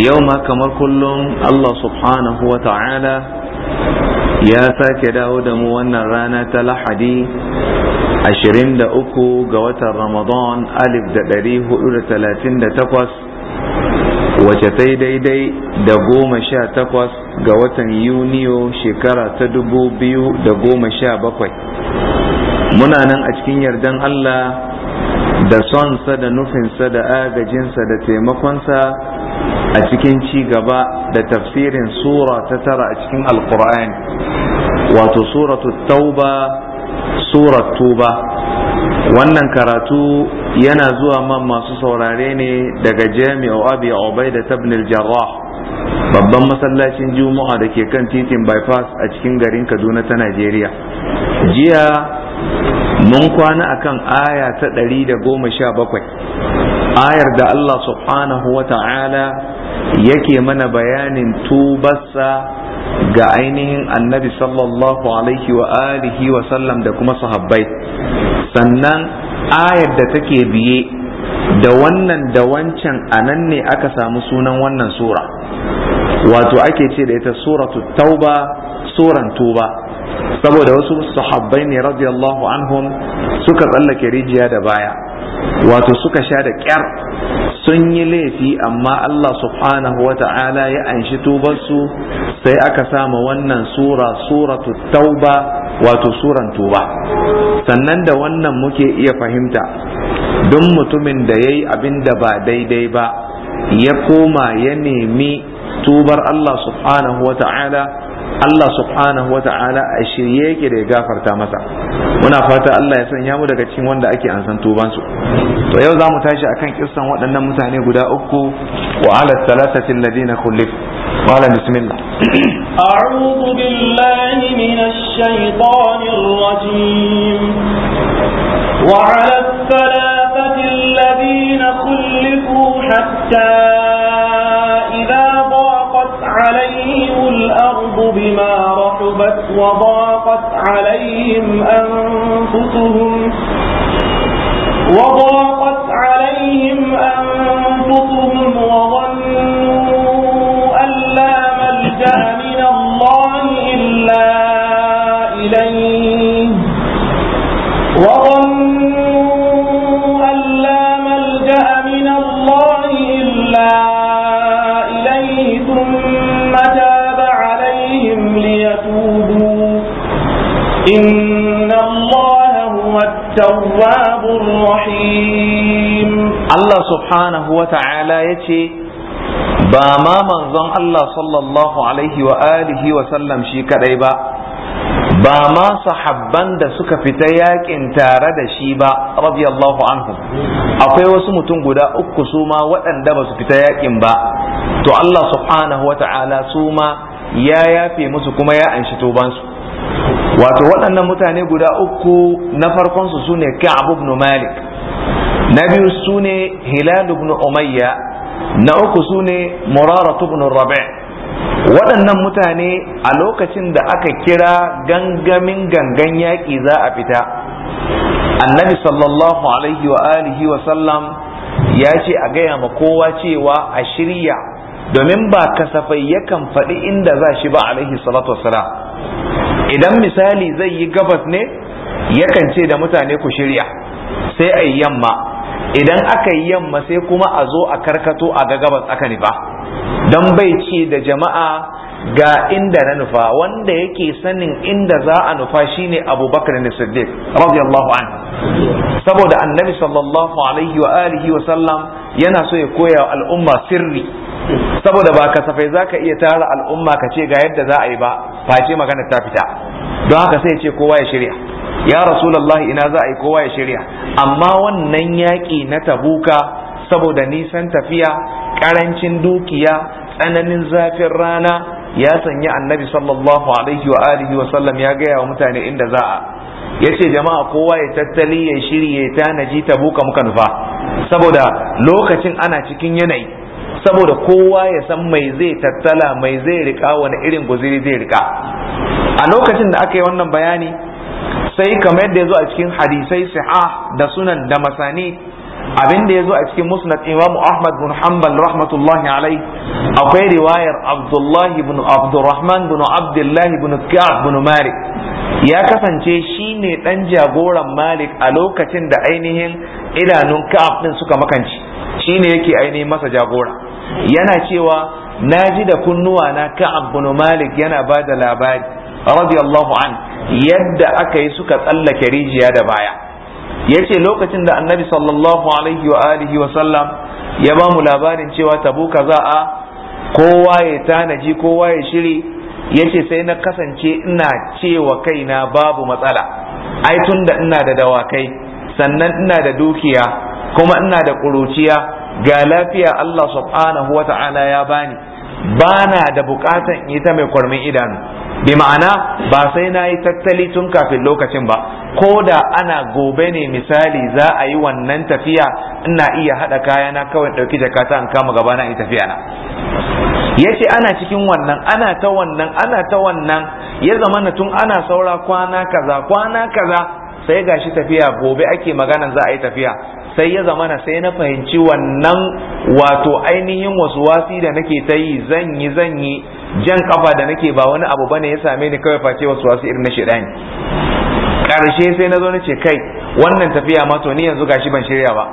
yau ma kamar kullum Allah subhanahu wa ta'ala ya sake dawo da mu wannan rana ta lahadi 23 ga watan ramadan 1438 wace ta daidai da goma sha takwas ga watan yuniyo shekara ta dubu da goma sha bakwai muna nan a cikin yardan Allah da sonsa da nufinsa da agajinsa da taimakonsa a cikin ci gaba da tafsirin sura ta tara a cikin alkur'ani wato suratu tauba surat tuba wannan karatu yana zuwa man masu saurare ne daga jami'u abi obai da tabnil jarrah babban masallacin juma'a da ke kan titin bypass a cikin garin kaduna ta najeriya jiya mun kwana akan aya ta ɗari da goma sha bakwai ayar da Allah subhanahu wa ta'ala yake mana bayanin tubarsa ga ainihin annabi sallallahu alaihi wa alihi wa sallam da kuma sahabbai sannan ayar da take biye da wannan da wancan anan ne aka samu sunan wannan sura wato ake ce da ita suratu tauba suran tuba saboda wasu sahabbai ne radiyallahu anhum suka tsallake rijiya da baya wato suka sha da kyar sun yi laifi amma Allah subhanahu wa ta'ala ya anshi tubarsu sai aka sama wannan sura suratu tauba wato suran tuba sannan da wannan muke iya fahimta don mutumin da ya yi abin da ba daidai ba ya koma ya nemi tubar Allah subhanahu wa ta'ala Allah subhanahu ta'ala a shirye yake da ya gafarta masa muna fata Allah ya sanya mu daga cikin wanda ake ansan tuban su to yau zamu tashi akan kissan waɗannan mutane guda uku wa ala thalathati alladhina khulif qala bismillah a'udhu billahi minash shaitanir rajim wa ala thalathati alladhina khulifu hatta الأرض بما رحبت وضاقت عليهم أنفسهم وضاقت Allah الرحيم الله سبحانه وتعالى يتي ba ma manzon Allah sallallahu Alaihi wa alihi wa sallam shi kaɗai ba ba ma sahabban da suka fita yaƙin tare da shi ba radiyallahu anhu akwai wasu mutum guda uku suma waɗanda ba fita yaƙin ba to Allah subhanahu wa ta'ala su ya yafe musu kuma ya anshi tubansu wato waɗannan mutane guda uku na farkonsu su ne ka'ab ibn malik na biyu su ne hilal ibn umayya na uku su ne murara ibn rabi' waɗannan mutane a lokacin da aka kira gangamin gangan yaƙi za a fita annabi sallallahu alaihi wa alihi wa sallam ya ce a gaya ma kowa cewa a shirya domin ba kasafai yakan faɗi inda za shi ba alaihi salatu wasalam idan misali zai yi gabas ne yakan ce da mutane ku shirya sai a yamma idan aka yi yamma sai kuma a zo a karkato a ga gabas aka nufa don bai ce da jama'a ga inda na nufa wanda yake sanin inda za a nufa shine abubakar ne siddiq radiyallahu an saboda annabi sallallahu alaihi wa alihi wa sallam yana so ya koya al'umma sirri saboda ba kasafai za ka iya tara al'umma ka ce ga yadda za a yi ba face magana ta fita don haka sai ce kowa ya shirya ya rasulullahi ina za a yi kowa ya shirya amma wannan yaƙi na tabuka saboda nisan tafiya ƙarancin dukiya tsananin zafin rana ya sanya annabi sallallahu alaihi wa alihi wa sallam ya gaya wa mutane inda za a ya ce jama'a kowa ya tattali ya shirye tanaji tabuka muka nufa saboda lokacin ana cikin yanayi saboda kowa ya san mai zai tattala mai zai rika wani irin guziri zai rika a lokacin da aka yi wannan bayani sai kamar yadda ya zo a cikin hadisai siha da sunan da masani abin da ya zo a cikin musnad imamu ahmad bin hanbal rahmatullahi alai akwai riwayar abdullahi bin abdurrahman bin abdullahi bin ka'ab bin malik ya kasance shi ne dan jagoran malik a lokacin da ainihin idanun ka'ab din suka makanci shi ne yake ainihin masa jagora yana cewa na ji da kunnuwa na ka'ab bin malik yana ba da labari radiyallahu an yadda aka yi suka tsallake rijiya da baya yace lokacin da annabi sallallahu alaihi wa alihi wa sallam ya ba mu labarin cewa tabuka za a kowa ya tanaji kowa ya shiri yace sai na kasance ina cewa kaina babu matsala ai tun da ina da dawakai sannan ina da dukiya kuma ina da ƙuruciya ga lafiya Allah subhanahu wa ta'ala ya bani Ba na da bukatan yi ta mai kwarmin idanu bi ma'ana ba sai na yi tattali tun kafin lokacin ba ko da ana gobe ne misali za a yi wannan tafiya ina iya haɗa kayana kawai ɗauki jakata in kama gaba na yi tafiya na ya ce ana cikin wannan ana ta wannan ana ta wannan ya zama na tun ana saura kwana kaza kwana kaza sai gashi tafiya gobe ake magana za a yi tafiya sai ya zamana sai na fahimci wannan wato ainihin wasu wasi da nake ta yi zan yi jan kafa da nake ba wani abu bane ya same ni kawai face wasu wasu irin na shedani karshe sai na zo na ce kai wannan tafiya ma to ni yanzu gashi ban shirya ba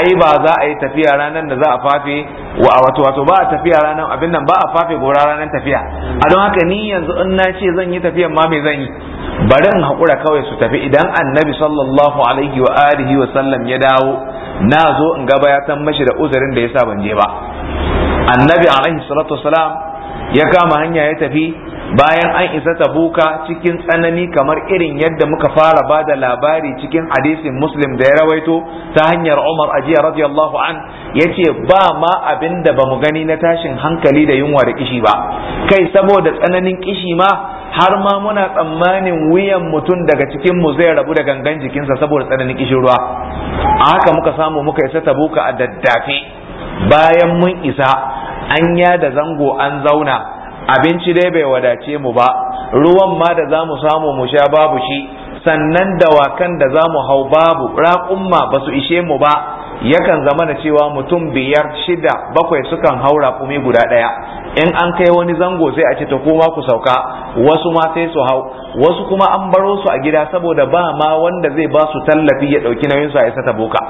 ai ba za a yi tafiya ranar da za a fafe wa wato wato ba a tafiya ranar abin nan ba a fafe gora ranar tafiya a don haka ni yanzu in na ce zan yi tafiyan ma me zan yi bari in haƙura kawai su tafi idan annabi sallallahu alaihi wa alihi wa sallam ya dawo na zo in ga ya san mashi da uzurin da yasa ban je ba annabi alaihi salatu wasalam ya kama hanya ya tafi bayan an isa tabuka cikin tsanani kamar irin yadda muka fara ba da labari cikin hadisin muslim da ya rawaito ta hanyar umar ajiya radiyallahu an ya ce ba ma abin da ba mu gani na tashin hankali da yunwa da kishi ba kai saboda tsananin kishi ma har ma muna tsammanin wuyan mutum daga cikin mu zai rabu da gangan jikinsa saboda tsananin kishin ruwa a haka muka samu muka isa tabuka a daddafe bayan mun isa an ya da zango an zauna abinci dai bai wadace mu ba ruwan ma da za mu samu mu sha babu shi sannan dawakan da za mu hau babu raƙumma ba su ishe mu ba yakan zama da cewa mutum biyar shida bakwai sukan hau kumi guda ɗaya in an kai wani zango sai a ce ta koma ku sauka wasu ma sai su hau wasu kuma an baro su a gida saboda ba ma wanda zai ba su tallafi ya ɗauki nauyin a isa ta boka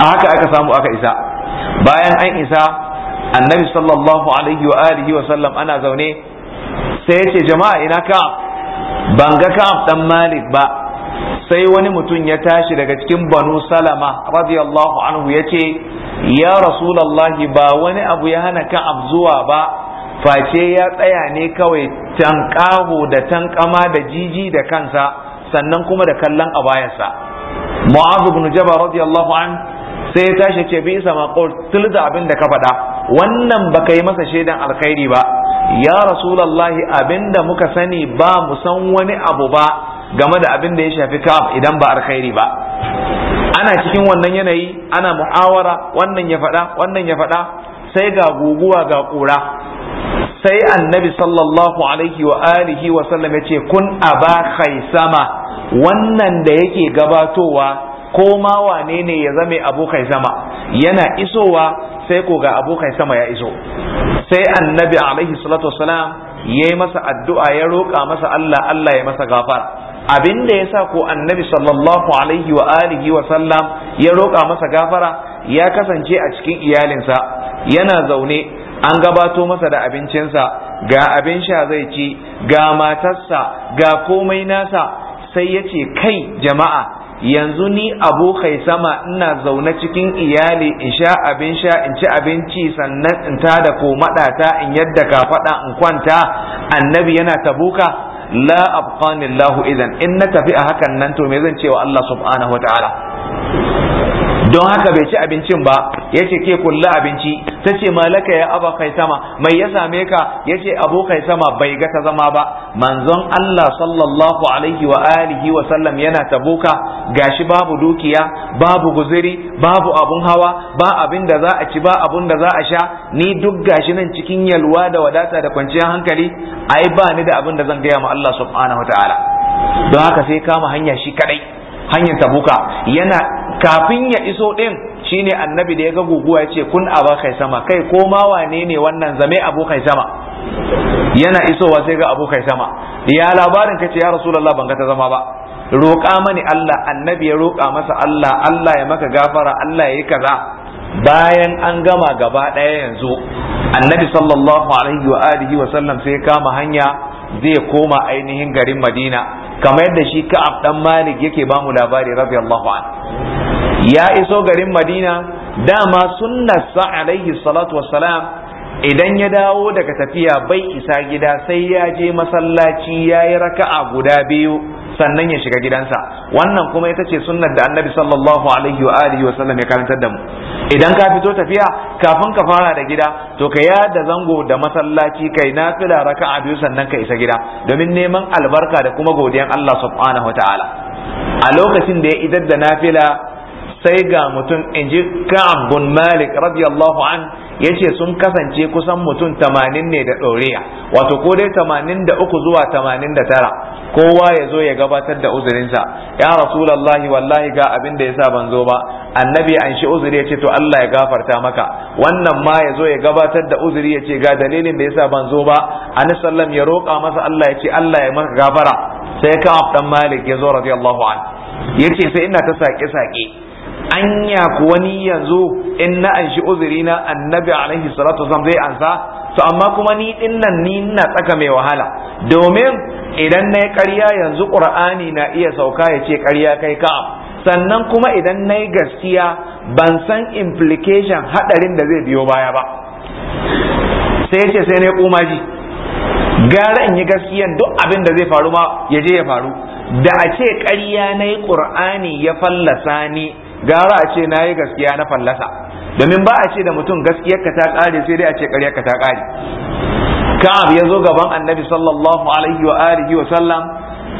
a haka aka samu aka isa bayan an isa annabi sallallahu alaihi wa alihi wa sallam ana zaune sai yace jama'a ina ka ban ga ka dan malik ba sai wani mutum ya tashi daga cikin banu salama radiyallahu anhu ya ce ya rasulullahi ba wani abu ya hana ka abzuwa ba face ya tsaya ne kawai tankaho da tankama da jiji da kansa sannan kuma da kallon a bayansa mu'azu ibn jabal radiyallahu an sai ya tashi ce bi isa ma qul tilda abin da ka faɗa wannan baka yi masa shaidan alkhairi ba ya rasulallahi abinda muka sani ba mu san wani abu ba game da abinda ya shafi kaf idan ba alkhairi ba ana cikin wannan yanayi ana mu'awara wannan ya faɗa wannan ya faɗa sai ga guguwa ga ƙura sai annabi sallallahu alaihi wa alihi wa sallam ya ce kun aba khaisama wannan da yake gabatowa ko ma wane ne ya zame abokai sama yana isowa sai ko ga abokai sama ya iso sai annabi alaihi salatu wasalam ya yi masa addu'a ya roƙa masa Allah Allah ya masa gafar. abin da ya sa ko annabi sallallahu alaihi wa alihi wa sallam ya roƙa masa gafara ya kasance a cikin iyalinsa yana zaune an gabato masa da abincinsa ga abin sha zai ci ga matarsa ga komai nasa sai ya ce kai jama'a yanzu ni abu sama ina zaune cikin iyali in sha abin sha in ci abinci sannan in tada ko maɗata in yadda ka faɗa in kwanta annabi yana tabuka la abqanillahu izan. idan in na tafi a hakan nan to me zan cewa Allah subhanahu wa don haka bai ci abincin ba yace ke kulla abinci ta ce malaka ya aba kai sama mai ya same ka yace abu kai sama bai ga ta zama ba manzon Allah sallallahu alaihi wa alihi wa sallam yana tabuka gashi babu dukiya babu guzuri babu abun hawa ba abin da za a ci ba abun da za a sha ni duk gashi nan cikin yalwa da wadata da kwanciyar hankali ai ba ni da abin da zan gaya ma Allah subhanahu wa ta'ala don haka sai kama hanya shi kadai hanyar tabuka yana kafin ya iso din shine annabi da ya ga guguwa ya ce kun abu kai sama kai ko ma wane ne wannan zame abu kai sama yana isowa sai ga abu kai sama ya labarin ka ce ya rasulullah ban ga ta zama ba roƙa mani Allah annabi ya roƙa masa Allah Allah ya maka gafara Allah ya yi kaza bayan an gama gaba ɗaya yanzu annabi sallallahu alaihi wa alihi wa sallam sai ya kama hanya zai koma ainihin garin madina kamar yadda shi ka'ab dan malik yake ba mu labari radiyallahu an ya iso garin madina dama sunnarsa alaihi salatu wassalam idan ya dawo daga tafiya bai isa gida sai ya je masallaci ya yi raka'a guda biyu sannan ya shiga gidansa wannan kuma ita ce sunnar da annabi sallallahu alaihi wa alihi wa sallam ya karantar da mu idan ka fito tafiya kafin ka fara da gida to ka ya da zango da masallaci kai nafila raka'a biyu sannan ka isa gida domin neman albarka da kuma godiyan Allah subhanahu wa a lokacin da ya idar da nafila sai ga mutum inji ji ka'ab bin malik radiyallahu an yace sun kasance kusan mutum tamanin ne da ɗoriya wato ko dai tamanin da uku zuwa tamanin da tara kowa ya zo ya gabatar da uzurinsa ya rasulallahi wallahi ga abin da yasa ban zo ba annabi an shi uzuri ya ce to Allah ya gafarta maka wannan ma ya zo ya gabatar da uzuri ya ce ga dalilin da yasa ban zo ba Anisallam ya roƙa masa Allah ya ce Allah ya maka gafara sai ka dan malik ya zo radiyallahu an yace sai ina ta saƙe-saƙe. anya kuwa ni yanzu in na anshi uzuri na annabi alaihi salatu wasallam zai ansa to amma kuma ni din nan ni ina tsaka mai wahala domin idan na yi ƙarya yanzu qur'ani na iya sauka ya ce ƙarya kai ka. sannan kuma idan na yi gaskiya ban san implication hadarin da zai biyo baya ba sai ce sai na kumaji gara in yi gaskiyan duk abin da zai faru ma ya ya faru da a ce ƙarya na yi ƙur'ani ya fallasa ni gara a ce na yi gaskiya na fallasa domin ba a ce da mutum gaskiyarka ta kare sai dai a ce ka ta kare. ka'ab ya zo gaban annabi sallallahu alaihi wa alihi wa sallam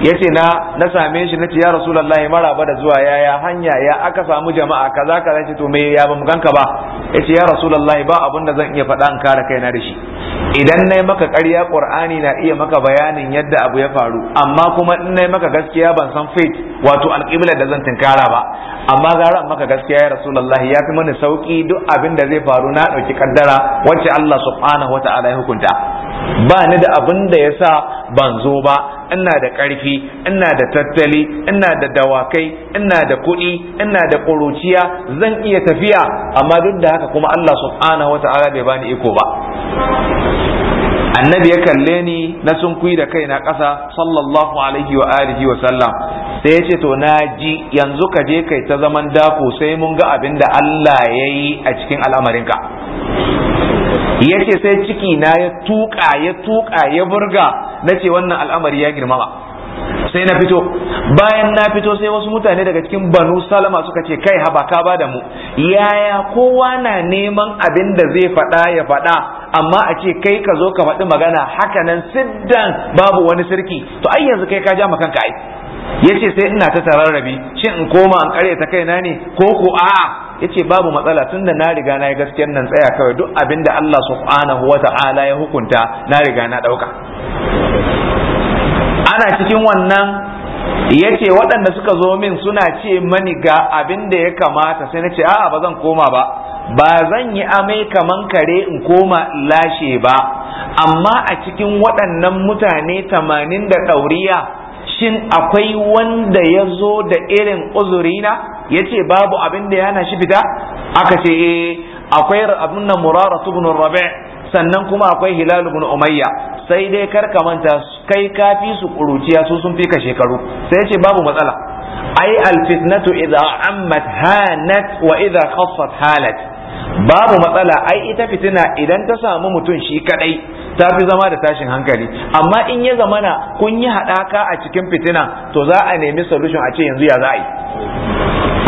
ya ce na same shi na ce ya rasulullahi maraba da zuwa ya ya hanya ya aka samu jama'a kaza kaza ce to me ya bamu ganka ba ya ce ya rasulullahi ba abin da zan iya faɗa in kare na da shi idan na maka ƙarya ƙur'ani na iya maka bayanin yadda abu ya faru amma kuma in na maka gaskiya ban san Faith wato alƙiblar da zan tunkara ba amma gara maka gaskiya ya rasulullahi ya fi mani sauƙi duk abin da zai faru na ɗauki kaddara wacce Allah subhanahu wa ta'ala ya hukunta ba ni da abin da ya sa ban zo ba ina da ƙarfi ina da tattali ina da dawakai ina da kuɗi ina da ƙuruciya zan iya tafiya amma duk da haka kuma Allah subhanahu wata'ala bai bani iko ba annabi ya kalle ni na kui da kaina ƙasa sallallahu alaihi wa alihi wa sallam sai ya ce to na ji yanzu ka je kai ta zaman dako sai mun ga abin da Allah ya yi a cikin al'amarinka ya ce sai ciki na ya tuƙa ya tuƙa ya burga na ce wannan al'amari ya girmama sai na fito bayan na fito sai wasu mutane daga cikin banu salama suka ce kai habaka ba da mu yaya kowa na neman abin da zai faɗa ya faɗa amma a ce kai ka zo ka faɗi magana hakanan nan siddan babu wani sirki to ai yanzu kai ka ja ma kanka ai yace sai ina ta tararrabi shin in koma an kare ta kaina ne ko ko a'a yace babu matsala tunda na riga na yi gaskiyar nan tsaya kawai duk abinda Allah subhanahu wata'ala ya hukunta na riga na dauka ana cikin wannan yace waɗanda suka zo min suna ce mani ga abinda ya kamata sai na ce a'a ba zan koma ba ba zan yi amai kaman kare in koma lashe ba amma a cikin waɗannan mutane tamanin da ɗauriya shin akwai wanda ya zo da irin uzurina ya ce babu abin da yana shi fita aka ce eh akwai abin na murara ibn rabi sannan kuma akwai hilal ibn umayya sai dai kar ka manta kai ka fi su kuruciya su sun fi ka shekaru sai ce babu matsala ai alfitnatu idza ammat hanat wa idza khaffat halat babu matsala ai ita fitina idan ta samu mutum shi kadai ta fi zama da tashin hankali amma in ya zama na kun yi haɗaka a cikin fitina to za a nemi solution a ce yanzu ya za a yi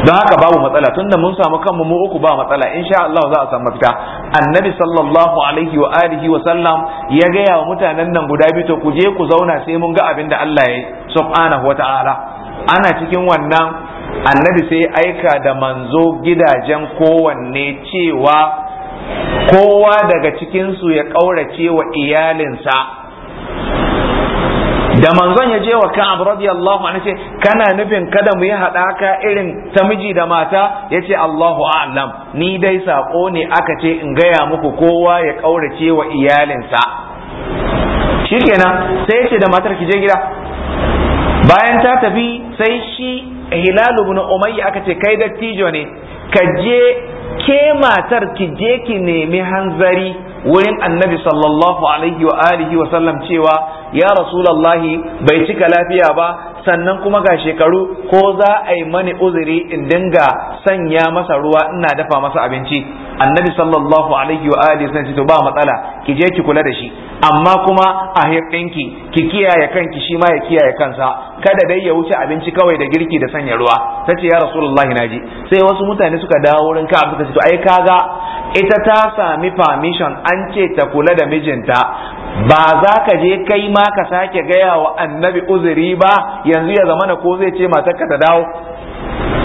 don haka babu matsala tunda mun samu kanmu mu uku ba matsala insha Allah za a samu mafita annabi sallallahu alaihi wa alihi wa sallam ya gaya wa mutanen nan guda biyu to ku je ku zauna sai mun ga abin da Allah ya yi subhanahu wa ta'ala ana cikin wannan annabi sai aika da manzo gidajen kowanne cewa kowa daga cikinsu ya ƙaurace wa iyalinsa da manzon ya je wa ka'ab radiyallahu anhu ce kana nufin kada mu yi haɗaka irin ta miji da mata yace Allahu a'lam ni dai saƙo ne aka ce in gaya muku kowa ya ƙaurace wa iyalinsa shikenan sai ce da matar ki je gida bayan ta tafi sai shi hilalu ibn umayya aka ce kai dattijo ne ka je ke matar ki je ki nemi hanzari wurin annabi sallallahu alaihi wa alihi wa sallam cewa ya rasulallahi bai cika lafiya ba sannan kuma ga shekaru ko za a yi mani uzuri in dinga sanya masa ruwa ina dafa masa abinci annabi sallallahu alaihi wa alihi sun ce to ba matsala ki je ki kula da shi amma kuma a hirɗinki ki kiyaye kanki shi ma ya kiyaye kansa kada dai ya wuce abinci kawai da girki da sanya ruwa tace ce ya rasulullahi naji sai wasu mutane suka dawo wurin ka suka ce to ai kaga ita ta sami permission an ce ta kula da mijinta ba za ka je kai ma ka sake gaya wa annabi uzuri ba yanzu ya zamana ko zai ce ka ta dawo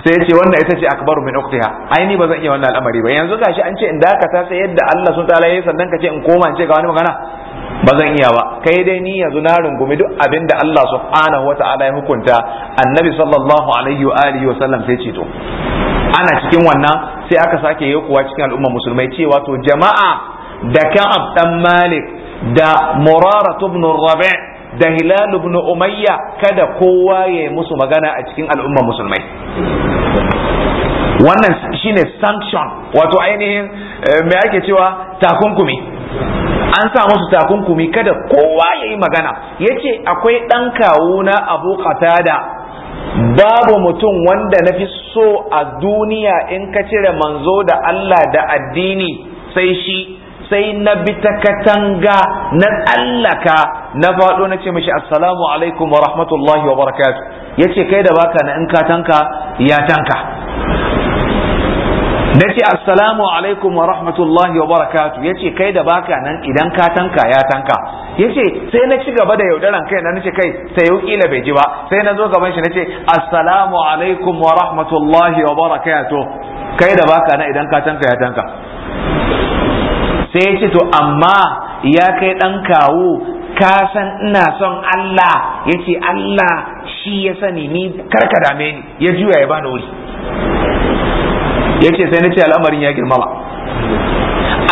sai ce wannan ita ce akbaru min uktiha ai ni ba zan iya wannan al'amari ba yanzu gashi an ce in dakata sai yadda Allah sun ta'ala yayi sannan ka ce in koma in ce ga wani magana ba zan iya ba kai dai ni yanzu na rungumi duk abin da Allah subhanahu wata'ala ya hukunta annabi sallallahu alaihi wa alihi wa sallam sai ce to ana cikin wannan sai aka sake kuwa cikin al'umma musulmai cewa to jama'a da Ka'ab dan Malik da Murara ibn Rabi' da Hilal ibn Umayya kada kowa ya yi musu magana a cikin al'umma musulmai wannan shine sanction wato ainihin eh, me ake cewa takunkumi an sa musu takunkumi kada kowa ya yi magana ya ce akwai ɗan kawo na abu da. babu mutum wanda na fi so a duniya in ka cire manzo da Allah da addini sai shi sai na bi ta katanga na tsallaka na faɗo na ce mashi assalamu alaikum wa rahmatullahi wa barakatu ya ce kai da baka na in ka tanka ya tanka na ce assalamu alaikum wa rahmatullahi wa barakatu ya ce kai da baka nan idan ka tanka ya tanka ya ce sai na ci gaba da yaudaran kai na nace kai sai yau kila bai ji ba sai na zo gaban shi na ce assalamu alaikum wa rahmatullahi wa barakatu kai da baka nan idan ka tanka ya tanka sai ya ce to amma ya kai dan kawo ka san ina son Allah ya ce Allah shi ya sani ni karka dame ni ya juya ya bani wuri yace sai na ce al'amarin ya girmama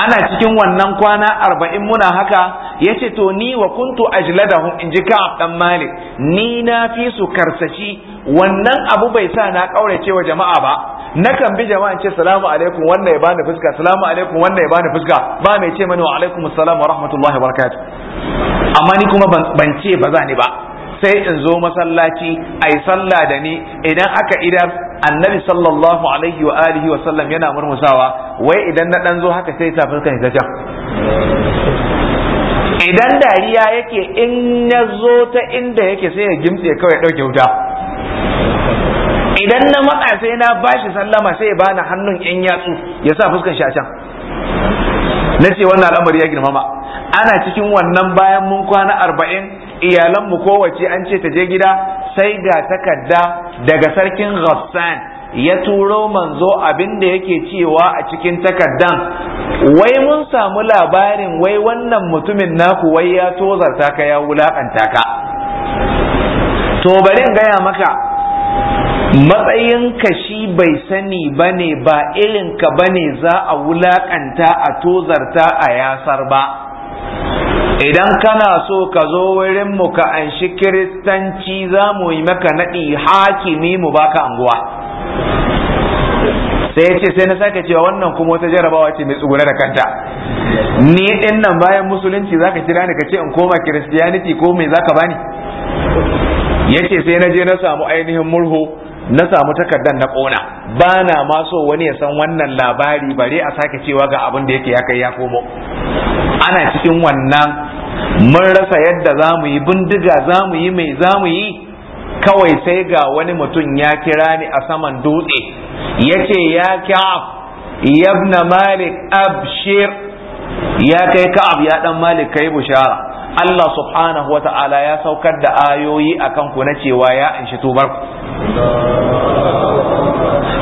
ana cikin wannan kwana arba'in muna haka yace to ni wa kuntu ajladahum in ji ka dan malik ni na fi su karsashi wannan abu bai sa na kaurace wa jama'a ba na kan bi jama'a ce salamu alaikum wannan ya bani fuska salamu alaikum wannan ya bani fuska ba mai ce mani wa alaikum assalam wa rahmatullahi wa barakatuh amma ni kuma ban ce ba za ni ba sai in zo masallaci ai sallah da ni idan aka idan annabi sallallahu alaihi wa alihi wa sallam yana murmusawa wai idan na dan zo haka sai ta fuskar ta can idan dariya yake in ya zo ta inda yake sai ya gimtse kawai ɗauke wuta idan na matsa sai na bashi sallama sai ya bani hannun yan yatsu ya sa fuskan shi a can na ce wannan al'amari ya girmama ana cikin wannan bayan mun kwana arba'in iyalanmu kowace an ce ta je gida sai ga takarda daga sarkin Ghassan ya turo manzo abin da yake cewa a cikin takardan wai mun samu labarin wai wannan mutumin naku wai ya tozarta ka ya wulakanta ka to bari gaya maka matsayin shi bai sani ba ne ba irinka ba ne za a wulakanta a tozarta a yasar ba idan kana so ka zo wurin mu ka anshi kiristanci za mu yi maka naɗi hakimi mu baka anguwa sai ya ce sai na sake cewa wannan kuma wata jarabawa ce mai tsugune da kanta ni din nan bayan musulunci zaka kira ni ka ce in koma kiristiyaniti ko me zaka bani yace sai na je na samu ainihin murhu na samu takardar na kona ba na ma so wani ya san wannan labari bare a sake cewa ga abin da yake ya kai ya komo ana cikin wannan mun rasa yadda za mu yi bindiga za mu yi mai za mu yi kawai sai ga wani mutum ya kira ni a saman dutse ya ce ya ya yabna malik abshir ya kai ka'ab ya dan malik kai bushara Allah subhanahu wa ta'ala ya saukar da ayoyi akan ku na cewa ya anshi tubarku.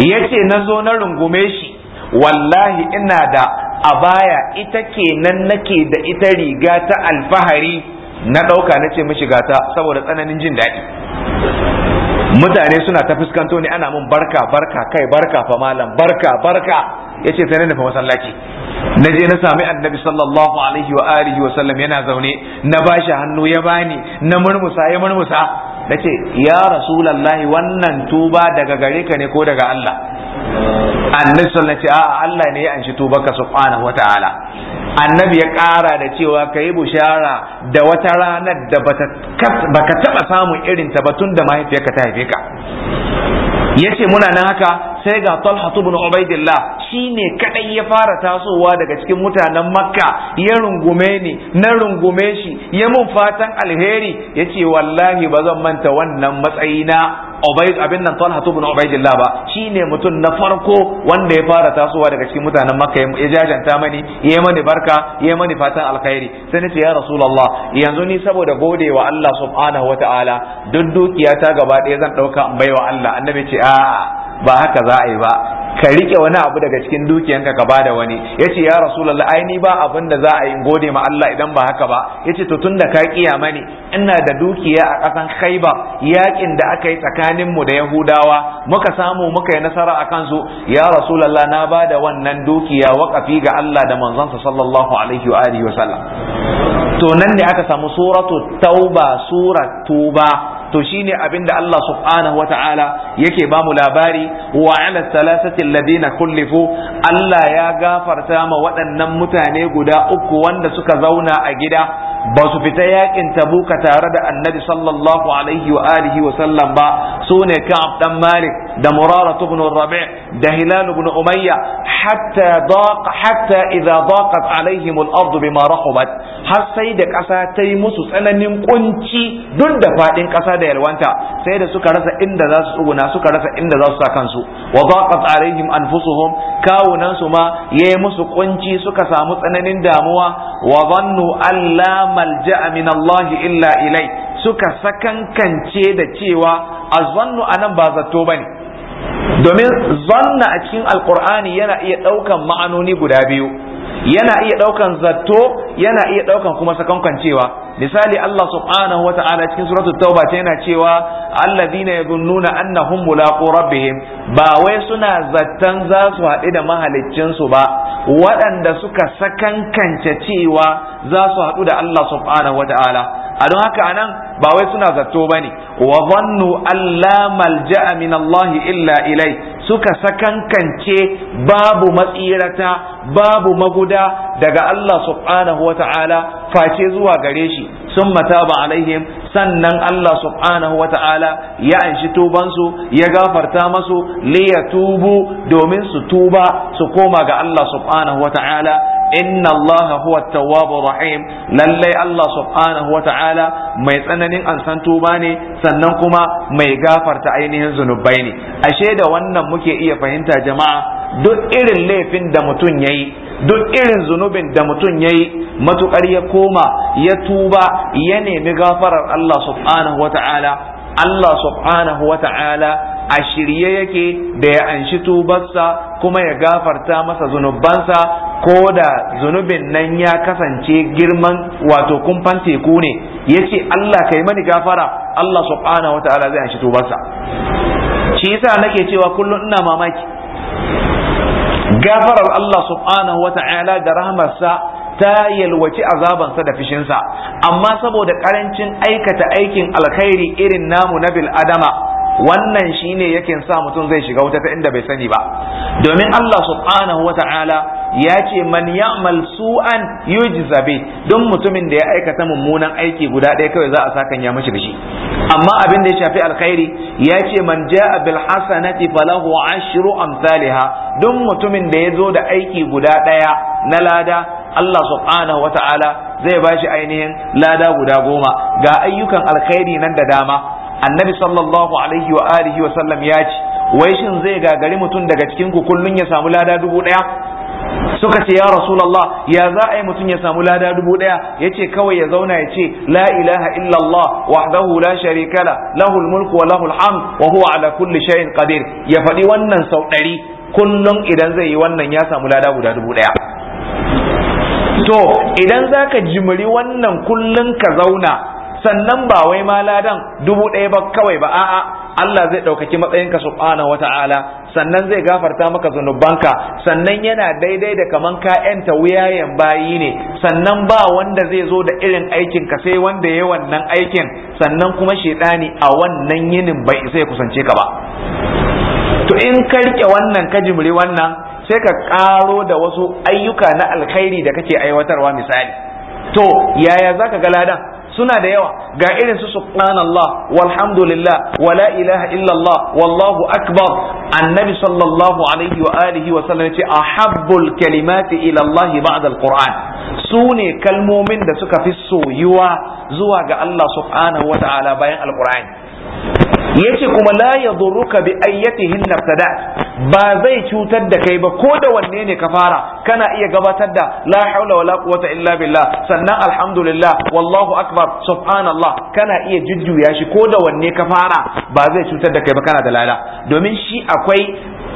ya ce na zo na rungume shi wallahi ina da abaya ita kenan nake da ita riga ta alfahari na ɗauka na ce mashi gata saboda tsananin jin daɗi mutane suna ta fuskanto ne ana mun barka barka kai barka fa malam barka barka ya ce sai nufa masallaci na je na sami annabi sallallahu alaihi wa alihi wa sallam yana zaune na bashi hannu ya bani na murmusa ya murmusa na ce ya rasulallahi wannan tuba daga gare ka ne ko daga Allah annabi sallallahu ce a Allah ne ya anshi tubarka subhanahu wataala annabi ya kara da cewa ka yi bushara da wata ranar da baka taɓa samun irin ta ba tun da mahaifiyarka ta haife ka yace muna nan haka sai ga Talha ibn Ubaidillah shine kadai ya fara tasowa daga cikin mutanen Makka ya rungume ni na rungume shi ya mun fatan alheri yace wallahi ba zan manta wannan matsayina abin nan talha ibn ubaidillah ba shine mutum na farko wanda ya fara tasowa daga cikin mutanen makka ya jajanta mani ya mani barka ya mani fatan alkhairi sai nace ya rasulullah yanzu ni saboda godewa Allah subhanahu wataala duk dukiya ta gaba ɗaya zan dauka in baiwa Allah annabi ce a'a ba haka za a yi ba ka rike wani abu daga cikin dukiyanka ka bada wani yace ya rasulullah ai ni ba abin da za a yi gode ma Allah idan ba haka ba yace to tunda ka kiya mani ina da dukiya a kasan Khaibar yakin da aka yi tsakanin mu da Yahudawa muka samu muka yi nasara a kansu ya rasulullah na bada wannan dukiya waqafi ga Allah da manzansa sallallahu alaihi wa alihi wa sallam to nan ne aka samu suratu tauba surat tuba to shine abin da Allah subhanahu wa ta'ala yake ba mu labari wa ala salasati alladhina kullifu Allah ya gafarta ma waɗannan mutane guda uku wanda suka zauna a gida ba su fita yakin tabuka tare da annabi sallallahu alaihi wa alihi wa sallam ba su ne ka'ab dan malik da murara ibn rabi' da hilal ibn umayya hatta daqa hatta idza daqat alaihim al-ardu bima rahubat har sai da kasa ta yi musu tsananin kunci duk da fadin kasa da yalwanta sai da suka rasa inda za su tsuguna suka rasa inda za su sa kansu wa daqat alaihim anfusuhum kawunan su ma yayi musu kunci suka samu tsananin damuwa wa dhannu alla malja'a min Allah illa ilai suka sakankance da cewa azannu anan ba zato bane domin zanna a cikin Alƙur'ani yana iya ɗaukan ma'anoni guda biyu yana iya daukan zato yana iya daukan kuma sakankan cewa. misali Allah subhanahu wa ta'ala cikin suratul tauba ta yana cewa alladhina yadhunnuna annahum mulaqu rabbihim ba wai suna zattan za su haɗu da mahaliccin su ba waɗanda suka sakankance cewa za su haɗu da Allah subhanahu wa a don haka anan ba wai suna zato ba wa zannu alla malja'a min Allah illa ilai suka sakankance babu matsirata babu maguda daga Allah subhanahu wa ta'ala face zuwa gare shi sun mata ba alaihim sannan Allah subhanahu wa ta'ala ya anshi tubansu ya gafarta masu liya tubu domin su tuba su koma ga Allah subhanahu wa ta'ala inna Allah huwa tawwabur rahim lallai Allah subhanahu wata'ala mai tsananin ansan tuba ne sannan kuma mai gafarta ainihin zunubai ne ashe da wannan muke iya fahimta jama'a duk irin laifin da mutum yayi duk irin zunubin da mutum yayi matukar ya koma ya tuba ya nemi gafarar Allah subhanahu wata'ala Allah subhanahu wata'ala a shirye yake da ya anshi tubarsa kuma ya gafarta masa zunubansa ko da zunubin nan ya kasance girman wato kumfan teku ne ya ce Allah kai mani gafara Allah subhanahu ta'ala zai anshi tubarsa shi yasa nake cewa kullum ina mamaki gafarar Allah subhanahu wataala da rahmarsa ta yalwaci azabansa da fishinsa amma saboda karancin aikata aikin alkhairi irin namu na bil adama wannan shine yake sa mutum zai shiga wuta ta inda bai sani ba domin Allah subhanahu wata'ala ya ce man ya'mal su'an yujza don mutumin da ya aikata mummunan aiki guda ɗaya kawai za a saka ya mishi da shi amma abin da ya shafi alkhairi ya ce man ja'a bil hasanati falahu ashru amsalha don mutumin da ya zo da aiki guda ɗaya na lada Allah subhanahu wa ta'ala zai bashi ainihin lada guda goma ga ayyukan alkhairi nan da dama annabi sallallahu alaihi wa alihi wa sallam ya ce wai shin zai gagari mutum daga cikin ku kullun ya samu lada dubu daya suka ce ya rasulullah ya za a yi mutum ya samu lada dubu daya ya ce kawai ya zauna ya ce la ilaha illallah wahdahu la sharika lahul mulku wa lahul hamd wa huwa ala kulli shay'in qadir ya faɗi wannan sau ɗari kullum idan zai yi wannan ya samu lada guda dubu daya to idan zaka jimri wannan kullum ka zauna sannan ba wai ma ladan dubu ɗaya ba kawai ba a'a Allah zai ɗaukaki matsayinka subhanahu wata'ala sannan zai gafarta maka zunubanka sannan yana daidai da kaman ka yanta wuyayen bayi ne sannan ba wanda zai zo da irin aikin ka sai wanda ya wannan aikin sannan kuma shedani a wannan yinin bai sai kusance ka ba to in ka rike wannan ka jimri wannan sai ka karo da wasu ayyuka na alkhairi da kake aiwatarwa misali to yaya zaka ga ladan suna da yawa ga irin su subhanallah walhamdulillah wala ilaha illallah wallahu akbar annabi sallallahu alaihi wa alihi wa sallam yace ahabbul kalimati ila Allah ba'da alquran ne kalmomin da suka fi soyuwa zuwa ga Allah subhanahu wa ta'ala bayan alquran yace kuma la yadurruka bi ayyatihin naftada ba zai cutar da kai ba ko da wanne ne ka fara kana iya gabatar da la haula wala quwwata illa billah sannan alhamdulillah wallahu akbar subhanallah kana iya jujjuya shi ko da wanne ka fara ba zai cutar da kai ba kana da lala domin shi akwai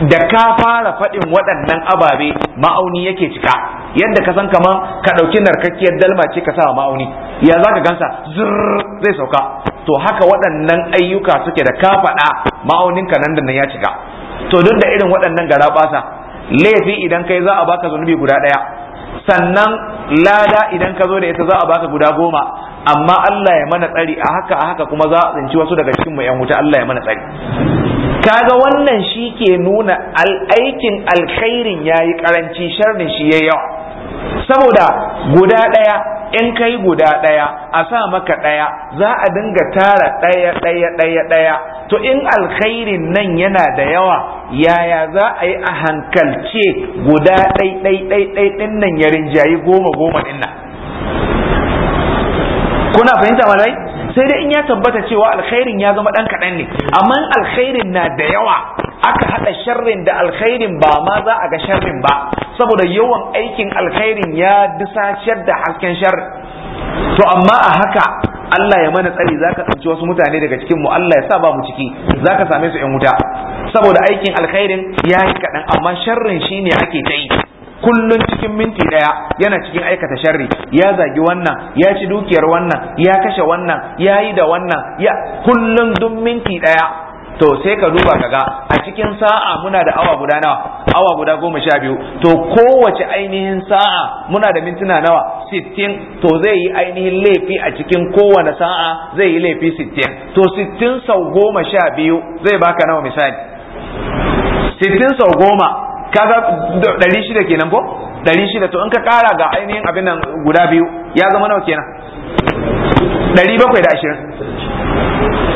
da ka fara faɗin waɗannan ababe ma'auni yake cika yadda ka san kaman ka ɗauki narkakkiyar dalma ce ka sa ma'auni ya za ka gansa zurr zai sauka to haka waɗannan ayyuka suke da ka faɗa ma'auninka nan da nan ya cika to duk da irin waɗannan garaɓasa laifi idan kai za a baka zunubi guda ɗaya sannan lada idan ka zo da ita za a baka guda goma amma Allah ya mana tsari a haka a haka kuma za a tsinci wasu daga cikin mu yan wuta Allah ya mana tsari kaga wannan shi ke nuna aikin alkhairin ya yayi karanci sharrin shi yayi yawa saboda guda ɗaya in kai guda ɗaya a sa maka ɗaya za a dinga tara ɗaya ɗaya ɗaya ɗaya to in alkhairin nan yana da yawa yaya za a yi a hankalce guda ɗai ɗai ɗai ɗai ɗin nan ya rinjayi goma goma ɗin nan kuna fahimta malai sai dai in ya tabbata cewa alkhairin ya zama dan kaɗan ne amma alkhairin na da yawa aka haɗa sharrin da alkhairin ba ma za a ga sharrin ba saboda yawan aikin alkhairin ya dusashar da hasken sharri to amma a haka Allah ya mana tsari zaka tsinci wasu mutane daga cikin mu Allah ya sa ba mu ciki zaka same su yan wuta saboda aikin alkhairin ya yi kaɗan amma sharrin shine ake ta yi kullun cikin minti daya yana cikin aikata sharri ya zagi wannan ya ci dukiyar wannan ya kashe wannan ya yi da wannan ya kullun duk minti daya to sai ka duba kaga a cikin sa'a muna da awa guda nawa awa guda goma sha biyu to kowace ainihin sa'a muna da mintuna nawa sittin to zai yi ainihin laifi a cikin kowane sa'a zai yi laifi sittin to sittin sau goma sha biyu zai baka nawa misali sittin sau goma kaga ɗari shida kenan ko ɗari shida to in ka ƙara ga ainihin abin nan guda biyu ya zama nawa kenan ɗari bakwai da ashirin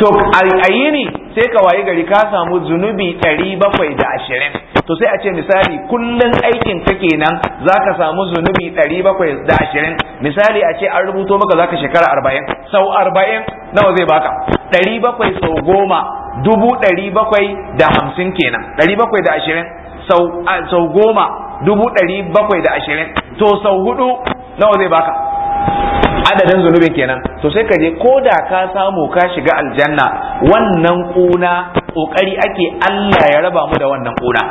to a yini sai ka wayi gari ka samu zunubi ɗari bakwai da ashirin to sai a ce misali kullum aikin ka kenan za ka samu zunubi ɗari bakwai da ashirin misali a ce an rubuto maka za ka shekara arba'in sau arba'in nawa zai baka ɗari bakwai sau goma dubu ɗari bakwai da hamsin kenan ɗari bakwai da ashirin sau goma dubu ɗari bakwai da ashirin to sau hudu nawa zai baka adadin zunubin kenan to sai ka je ko da ka samu ka shiga aljanna wannan kuna kokari ake Allah ya raba mu da wannan kuna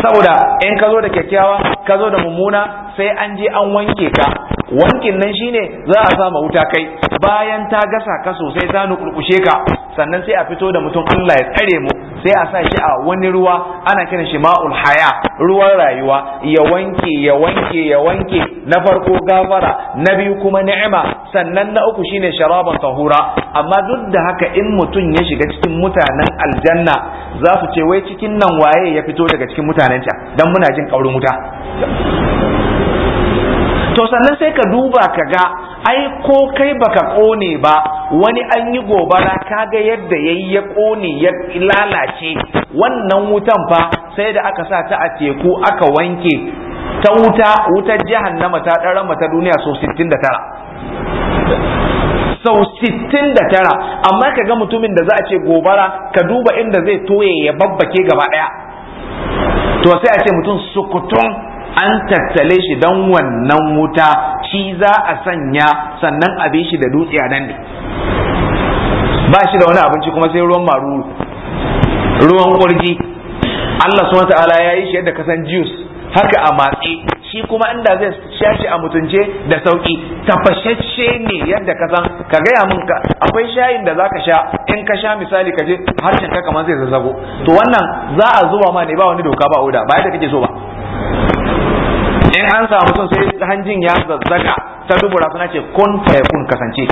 saboda in ka zo da kyakkyawa ka zo da mummuna sai an je an wanke ka wankin nan shine za a sama wuta kai bayan ta gasa ka sosai ta nukurkushe ka sannan sai a fito da mutum Allah ya tsare mu sai a sa shi a wani ruwa ana kiran shi ma'ul haya ruwan rayuwa ya wanke ya wanke ya wanke na farko gafara na biyu kuma ni'ima sannan na uku shine sharaban tahura amma duk da haka in mutum ya shiga cikin mutanen aljanna za su ce wai cikin nan waye ya fito daga cikin mutanen can dan muna jin kaurin wuta to sannan sai ka duba ka ga ai ko kai baka kone ba wani an yi gobara ga yadda yayi ya kone ya lalace wannan wutan fa sai da aka sa ta a teku aka wanke ta wuta wutar jahannama na mata rama ta duniya so 69 sau 69 amma ka ga mutumin da za a ce gobara ka duba inda zai toye ya babbake gaba ɗaya to sai a ce mutum sukutun an tattale shi don wannan wuta shi za a sanya sannan a bi shi da dutse a nan ne ba shi da wani abinci kuma sai ruwan maru, ruwan kurji Allah subhanahu ta'ala ya yi shi yadda kasan jiyus haka a matse shi kuma inda zai sha shi a mutunce da sauki tafashashe ne yadda ka san ka gaya min ka akwai shayin da zaka sha in ka sha misali ka je harshen ka kamar zai zazzago to wannan za a zuba ma ne ba wani doka ba oda ba yadda kake so ba in an samu sun sai hanjin ya zazzaga ta dubura suna ce kun fayakun kasance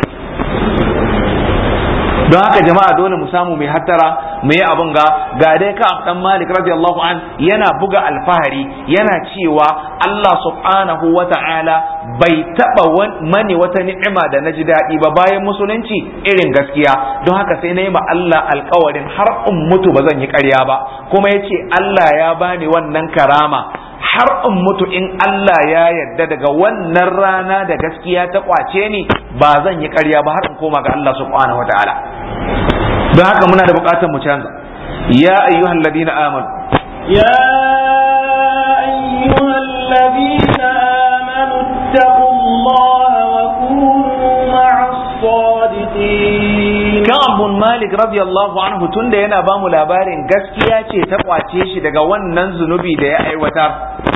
don haka jama'a dole mu samu mai hattara mu yi abin ga ga dai ka dan malik radiyallahu an yana buga alfahari yana cewa Allah subhanahu wa ta'ala bai taɓa mani wata ni'ima da na ji daɗi ba bayan musulunci irin gaskiya don haka sai na yi ma Allah alkawarin har in mutu ba zan yi ƙarya ba kuma ya ce Allah ya bani wannan karama har in mutu in Allah ya yarda daga wannan rana da gaskiya ta kwace ni ba zan yi karya ba har in koma ga Allah subhanahu wataala don haka muna da buƙatar mu canza ya ayyuhal ladina amanu ya ayyuhal ladina amanu taqullaha wa kunu ma'as sadiqin Ka'ab abun Malik radiyallahu anhu tunda yana ba mu labarin gaskiya ce ta kwace shi daga wannan zunubi da ya aiwatar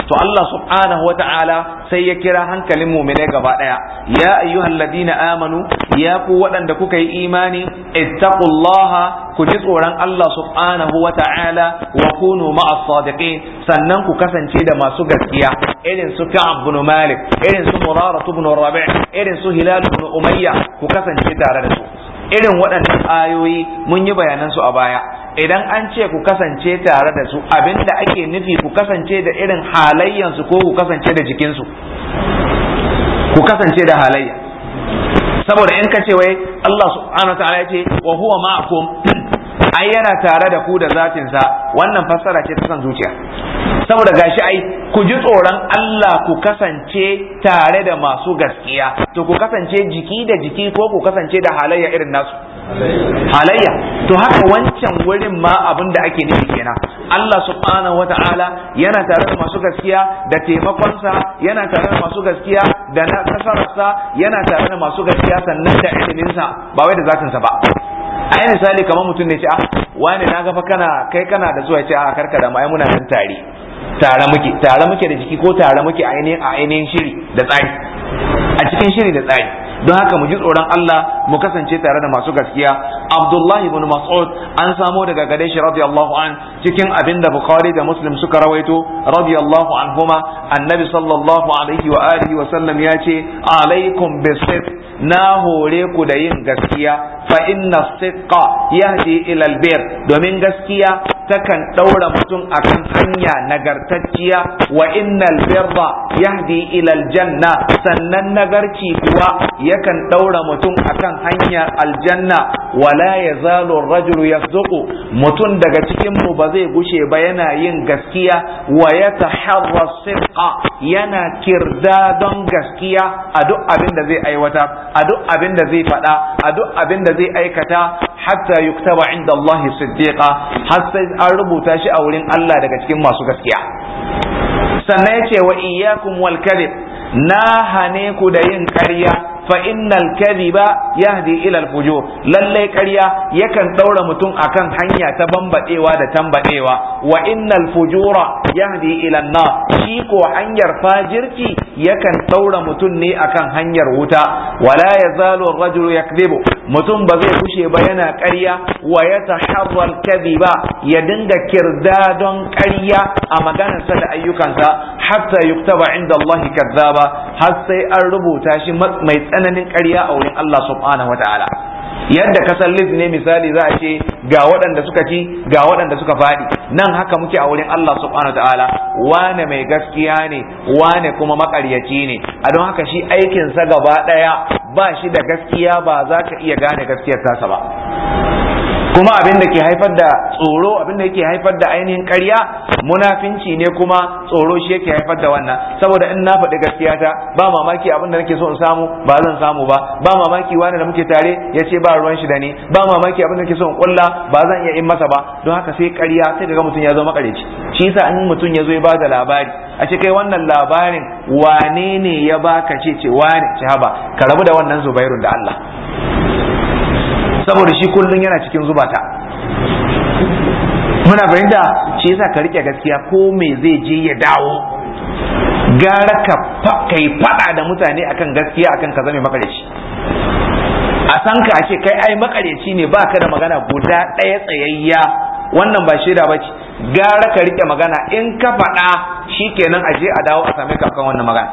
to Allah subhanahu wa ta'ala sai ya kira hankalin mu'mine gaba daya ya ayyuhal ladina amanu ya ku waɗanda kuka yi imani ittaqullaha ku ji tsoron Allah subhanahu wa ta'ala wa kunu ma'as sadiqin sannan ku kasance da masu gaskiya irin su ka bin Malik irin su Murara ibn Rabi' irin su Hilal ibn Umayya ku kasance tare da su irin waɗannan ayoyi mun yi bayanan su a baya idan an ce ku kasance tare da su abinda ake nufi ku kasance da irin halayyansu ko ku kasance da jikinsu ku kasance da halayya saboda in ka ce wai Allah subhanahu wa ta'ala ce wa huwa ma'akum ai yana tare da ku da zatinsa wannan fassara ce ta san zuciya saboda gashi ai ku ji tsoron Allah ku kasance tare da masu gaskiya to ku kasance jiki da jiki ko ku kasance da halayya irin nasu halayya to haka wancan wurin ma abin da ake nufi kenan Allah subhanahu wata'ala yana tare da masu gaskiya da taimakonsa yana tare da masu gaskiya da nasararsa yana tare da masu gaskiya sannan da iliminsa ba wai da zatinsa ba A yi misali kamar mutum ne ce a? Ah, wani na ga fa kai kana da zuwa ce a ah, karka da mu tare tare muke da jiki ko tare muke a ainihin shiri da tsari a cikin shiri da tsari don haka mu ji tsoron Allah mu kasance tare da masu gaskiya Abdullah ibn Mas'ud an samo daga gare shi radiyallahu an cikin abin da Bukhari da Muslim suka rawaito radiyallahu anhuma annabi sallallahu alaihi wa alihi wa sallam ya ce alaikum bisir na hore ku da yin gaskiya fa inna sidqa yahdi ila albir domin gaskiya takan daura mutum akan hanya nagartacciya wa innal birra yahdi ila aljanna sannan nagarci kuwa yakan daura mutum akan hanya aljanna wala ya zalo rajulu yasduqu mutum daga cikin mu ba zai gushe ba yana yin gaskiya wa yataharra sidqa yana don gaskiya a duk abin da zai aiwata a duk abin da zai faɗa a duk abin da zai aikata hatta yuktaba inda Allah siddiqa har an rubuta shi a wurin Allah daga cikin masu gaskiya sannan ya ce wa iyyakum wal kadhib na hane ku da yin ƙarya fa innal kadhiba yahdi ila al-fujur ƙarya yakan ɗaura mutum akan hanya ta bambadewa da tambadewa wa innal fujura yahdi ila an shi ko hanyar fajirci yakan ɗaura mutum ne akan hanyar wuta wala ya ar-rajulu yakdhibu mutum ba zai kushe ba yana ƙarya wa yataharra al-kadhiba ya dinga don ƙarya a maganarsa da ayyukansa hatta yuktaba inda Allah kazzaba har sai an rubuta shi mai tsananin ƙarya a wurin Allah subhanahu wataala yadda kasan san ne misali za a ce ga waɗanda suka ci ga waɗanda suka faɗi nan haka muke a wurin Allah subhanahu wataala wane mai gaskiya ne wane kuma makaryaci ne a don haka shi aikinsa gaba ɗaya ba shi da gaskiya ba za ka iya gane gaskiyar tasa ba kuma abin da ke haifar da tsoro abin da yake haifar da ainihin ƙarya munafinci ne kuma tsoro shi yake haifar da wannan saboda in na faɗi gaskiya ta ba mamaki abin da nake so in samu ba zan samu ba ba mamaki wani da muke tare ya ce ba ruwan shi da ni ba mamaki abin da nake so in kulla ba zan iya yin masa ba don haka sai ƙarya sai daga mutum ya zo makareci shi yasa in mutum ya zo ya ba da labari a ce kai wannan labarin wane ne ya baka ce ce wane ce haba ka rabu da wannan zubairun da Allah saboda shi kullum yana cikin zubata muna fahimta shi yasa ka rike gaskiya ko me zai je ya dawo gara ka kai fada da mutane akan gaskiya akan ka zame makareci a san ka ce kai ai makareci ne ba ka da magana guda ɗaya tsayayya wannan ba shaida ba ce gara ka rike magana in ka faɗa shi kenan a je a dawo a same ka akan wannan magana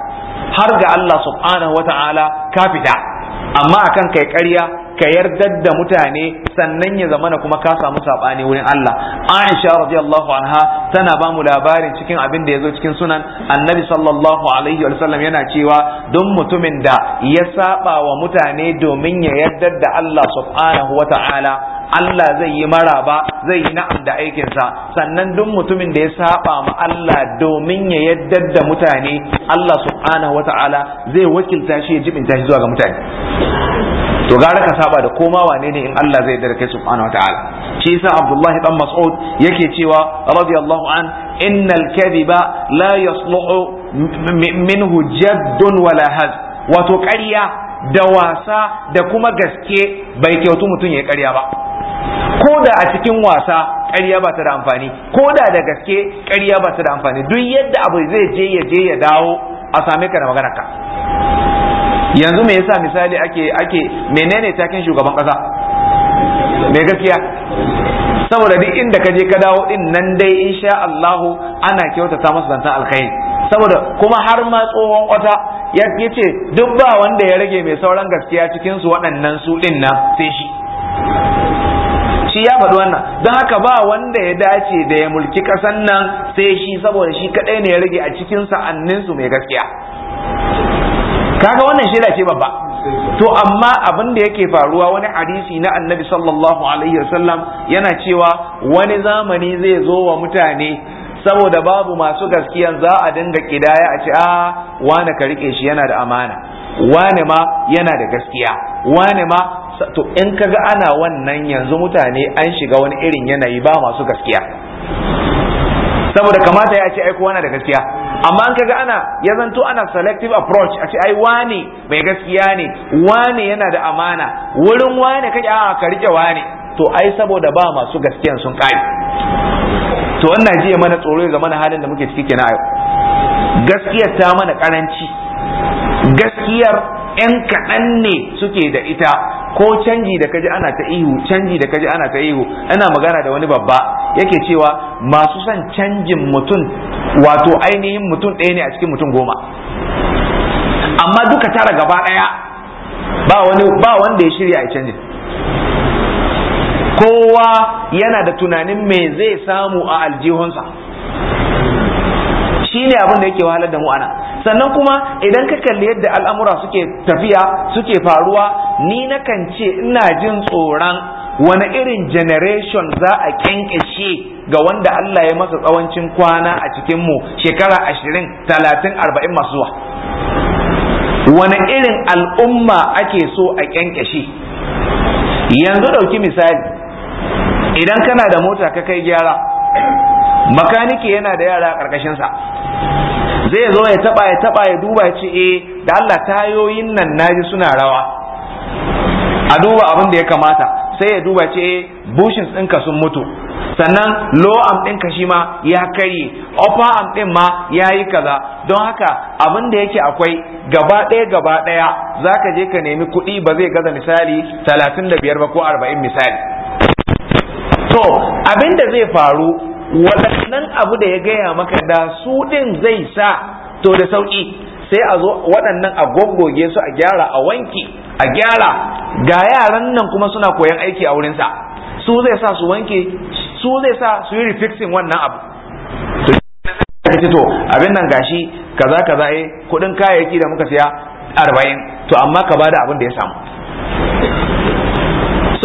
har ga Allah subhanahu wata'ala ka fita amma akan kai ƙarya ka yardar da mutane sannan ya zamana kuma ka samu saɓani wurin Allah Aisha radiyallahu anha tana ba mu labarin cikin abin da yazo cikin sunan Annabi sallallahu alaihi wa sallam yana cewa don mutumin da ya saba wa mutane domin ya yardar da Allah subhanahu wa ta'ala Allah zai yi maraba zai yi na'am da aikinsa sannan duk mutumin da ya saba ma Allah domin ya yadda da mutane Allah subhanahu wata'ala zai wakilta shi ya jibinta shi zuwa ga mutane to gara ka saba da koma wane ne in Allah zai yarda kai subhanahu wata'ala shi yasa Abdullahi dan Mas'ud yake cewa radiyallahu an innal kadhiba la yasluhu minhu jaddun wala haz wato ƙarya da wasa da kuma gaske bai kyautu mutum ya ƙarya ba ko da a cikin wasa ƙarya ba ta da amfani ko da da gaske ƙarya ba ta da amfani duk yadda abu zai je ya je ya dawo a same ka da magana ka yanzu me yasa misali ake ake menene taken shugaban ƙasa mai gaskiya saboda duk inda ka je ka dawo din nan dai insha Allahu ana kyautata masa zantan alkhairi saboda kuma har ma tsohon kwata ya ce duk ba wanda ya rage mai sauran gaskiya cikin su waɗannan su ɗinnan nan sai shi shi ya faɗi wannan don haka ba wanda ya dace da ya mulki ƙasan nan sai shi saboda shi kaɗai ne ya rage a cikin sa'anninsu mai gaskiya kaga wannan shaida ce babba to amma abin da yake faruwa wani hadisi na annabi sallallahu alaihi wasallam yana cewa wani zamani zai zo wa mutane saboda babu masu gaskiyan za a dinga kidaya a ce a ah, wani ka rike shi yana da amana wane ma yana da gaskiya wane ma to in kaga ana wannan yanzu mutane an shiga wani irin yanayi ba masu gaskiya saboda kamata ya ce ai kowa da gaskiya amma an kaga ana ya zanto ana selective approach a ce ai wane mai gaskiya ne wane yana da amana wurin wane kake a ka rike wane to ai saboda ba masu gaskiyan sun kai to wannan jiya mana tsoro ga mana halin da muke ciki kenan gaskiyar ta mana karanci gaskiyar 'yan kaɗan ne suke da ita ko canji da kaji ana ta ihu canji da kaji ana ta ihu ana magana da wani babba yake cewa masu son canjin mutum wato ainihin mutum ɗaya ne a cikin mutum goma amma duka tara gaba ɗaya ba wanda ya shirya a canjin kowa yana da tunanin me zai samu a aljihunsa shine abin da yake wahalar da mu ana sannan kuma idan ka kalli yadda al'amura suke tafiya suke faruwa ni nakan ce ina jin tsoron wani irin generation za a kyankyashe ga wanda Allah ya masa tsawancin kwana a cikin mu shekara ashirin talatin arba'in masu zuwa wani irin al'umma ake so a kyankyashe yanzu ɗauki misali idan kana da mota ka kai gyara makaniki yana da yara a ƙarƙashinsa zai zo ya taba ya taba ya duba ya ce eh da Allah tayoyin nan naji suna rawa a duba abin da ya kamata sai ya duba ce bushin eh, bushins ɗinka sun mutu sannan low arm ɗinka shi ma ya karye upper am ɗin ma ya yi kaza don haka abin da yake akwai gaba ɗaya gaba ɗaya za ka je ka nemi kuɗi ba zai gaza misali talatin da biyar ba ko arba'in misali to abin da zai faru waɗannan abu da ya gaya maka da su ɗin zai sa to da sauƙi sai a zo waɗannan a goggoge su a gyara a wanki a gyara ga yaran nan kuma suna koyan aiki a wurinsa su zai sa su wanke su zai sa su yi refixing wannan abu to abin nan gashi kaza kaza eh kuɗin kayayyaki da muka siya arba'in to amma ka bada abin da ya samu